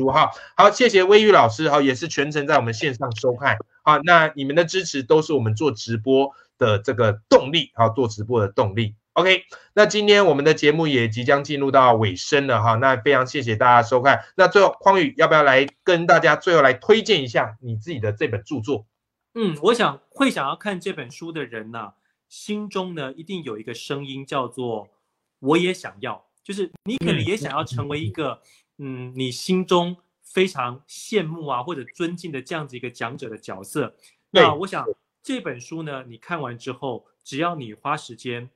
好，好，謝謝微宇老師，好，也是全程在我們線上收看，好，那你們的支持都是我們做直播的這個動力，好，做直播的動力。OK，那今天我們的節目也即將進入到尾聲了，哈，那非常謝謝大家收看。那最後匡宇要不要來跟大家最後來推薦一下你自己的這本著作？嗯，我想會想要看這本書的人呢、啊，心中呢一定有一個聲音叫做我也想要，就是你可能也想要成為一個、嗯。嗯嗯嗯嗯，你心中非常羨慕啊，或者尊敬的這樣子一個講者的角色，那我想這本書呢，你看完之後，只要你花時間，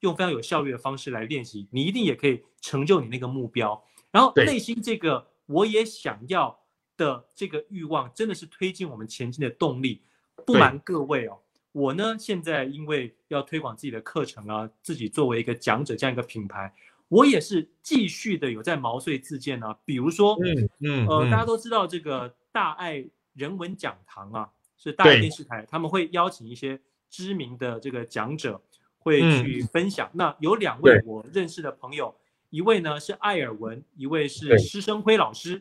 用非常有效率的方式來練習，你一定也可以成就你那個目標。然後內心這個我也想要的這個慾望，真的是推進我們前進的動力。不瞞各位哦，我呢現在因為要推廣自己的課程啊，自己作為一個講者這樣一個品牌。我也是繼續的有在毛遂自薦呢、啊，比如說，嗯嗯，嗯，呃，大家都知道這個大愛人文講堂啊，是大愛電視台，他們會邀請一些知名的這個講者，會去分享、嗯。那有兩位我認識的朋友，一位呢是艾爾文，一位是施昇輝老師。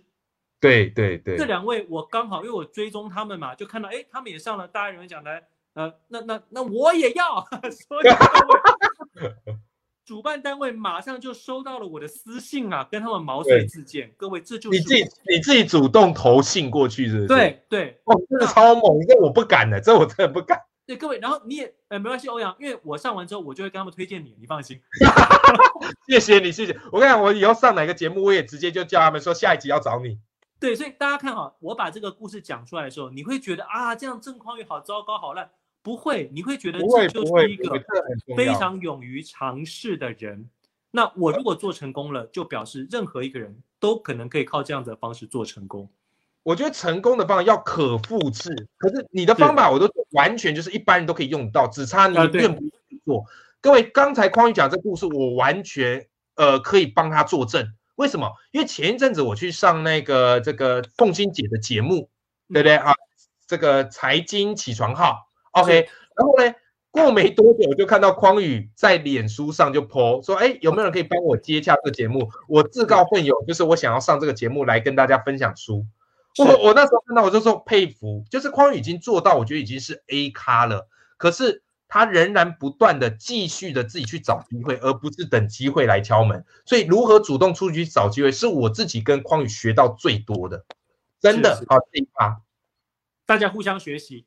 對對對，對，這兩位我剛好，因為我追蹤他們嘛，就看到，哎，他們也上了大愛人文講台。呃，那那那我也要， [LAUGHS] 所以我。 [LAUGHS] 主辦單位馬上就收到了我的私信啊，跟他們毛遂自薦。各位，這就是你自己你自己主動投信過去是不是？對對，我真的超猛，因、啊、為我不敢的，這我真的不敢。對各位，然後你也呃沒關係，歐陽，因為我上完之後，我就會跟他們推薦你，你放心。 [LAUGHS] [LAUGHS] [LAUGHS] 謝謝你，謝謝。我跟你講，我以後上哪個節目，我也直接就叫他們說下一集要找你。對，所以大家看好，我把這個故事講出來的時候，你會覺得啊，這樣狀況也好，糟糕好爛！不會，你會覺得這就是一個非常勇於嘗試的人。那我如果做成功了，呃，就表示任何一個人都可能可以靠這樣的方式做成功。我覺得成功的方法要可複製，可是你的方法我都完全就是一般人都可以用到，只差你願不願意做，啊。各位，剛才匡宇講這故事，我完全呃可以幫他作證。為什麼？因為前一陣子我去上那個這個鳳馨姐的節目，嗯、對不對啊？這個財經起床號。OK，然後呢，過沒多久我就看到匡宇在臉書上就 po 說：“哎，有沒有人可以幫我接洽這個節目？我自告奮勇，就是我想要上這個節目來跟大家分享書。”我我那時候看到我就說佩服，就是匡宇已經做到，我覺得已經是 A 咖了。可是他仍然不斷的繼續的自己去找機會，而不是等機會來敲門。所以如何主動出去找機會，是我自己跟匡宇學到最多的。真的好，啊，大家互相學習。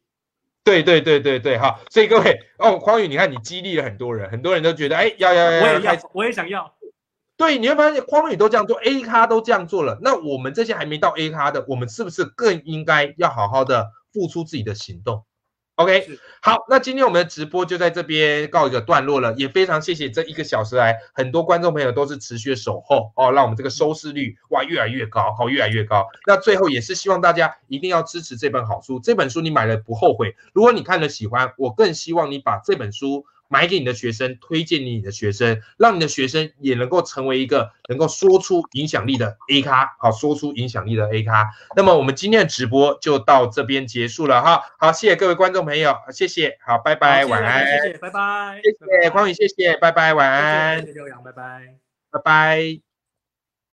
對對對對對哈，所以各位哦，匡宇，你看你激勵了很多人，很多人都覺得哎，要要要要，我也要，我也想要。對，你會發現匡宇都這樣做，A 咖都這樣做了，那我們這些還沒到 A 咖的，我們是不是更應該要好好的付出自己的行動？OK，好，那今天我們的直播就在這邊告一個段落了，也非常謝謝這一個小時來很多觀眾朋友都是持續的守候哦，讓我們這個收視率哇越來越高，好，越來越高。那最後也是希望大家一定要支持這本好書，這本書你買了不後悔，如果你看了喜歡，我更希望你把這本書。買給你的學生，推薦給你的學生，讓你的學生也能夠成為一個能夠說出影響力的 A 咖，好，說出影響力的 A 咖。那麼我們今天的直播就到這邊結束了哈。好，謝謝各位觀眾朋友，謝謝，好，拜拜，晚安，謝謝，拜拜，謝謝拜拜光宇，謝謝，拜拜，晚安，謝謝劉陽拜拜，拜拜。拜拜。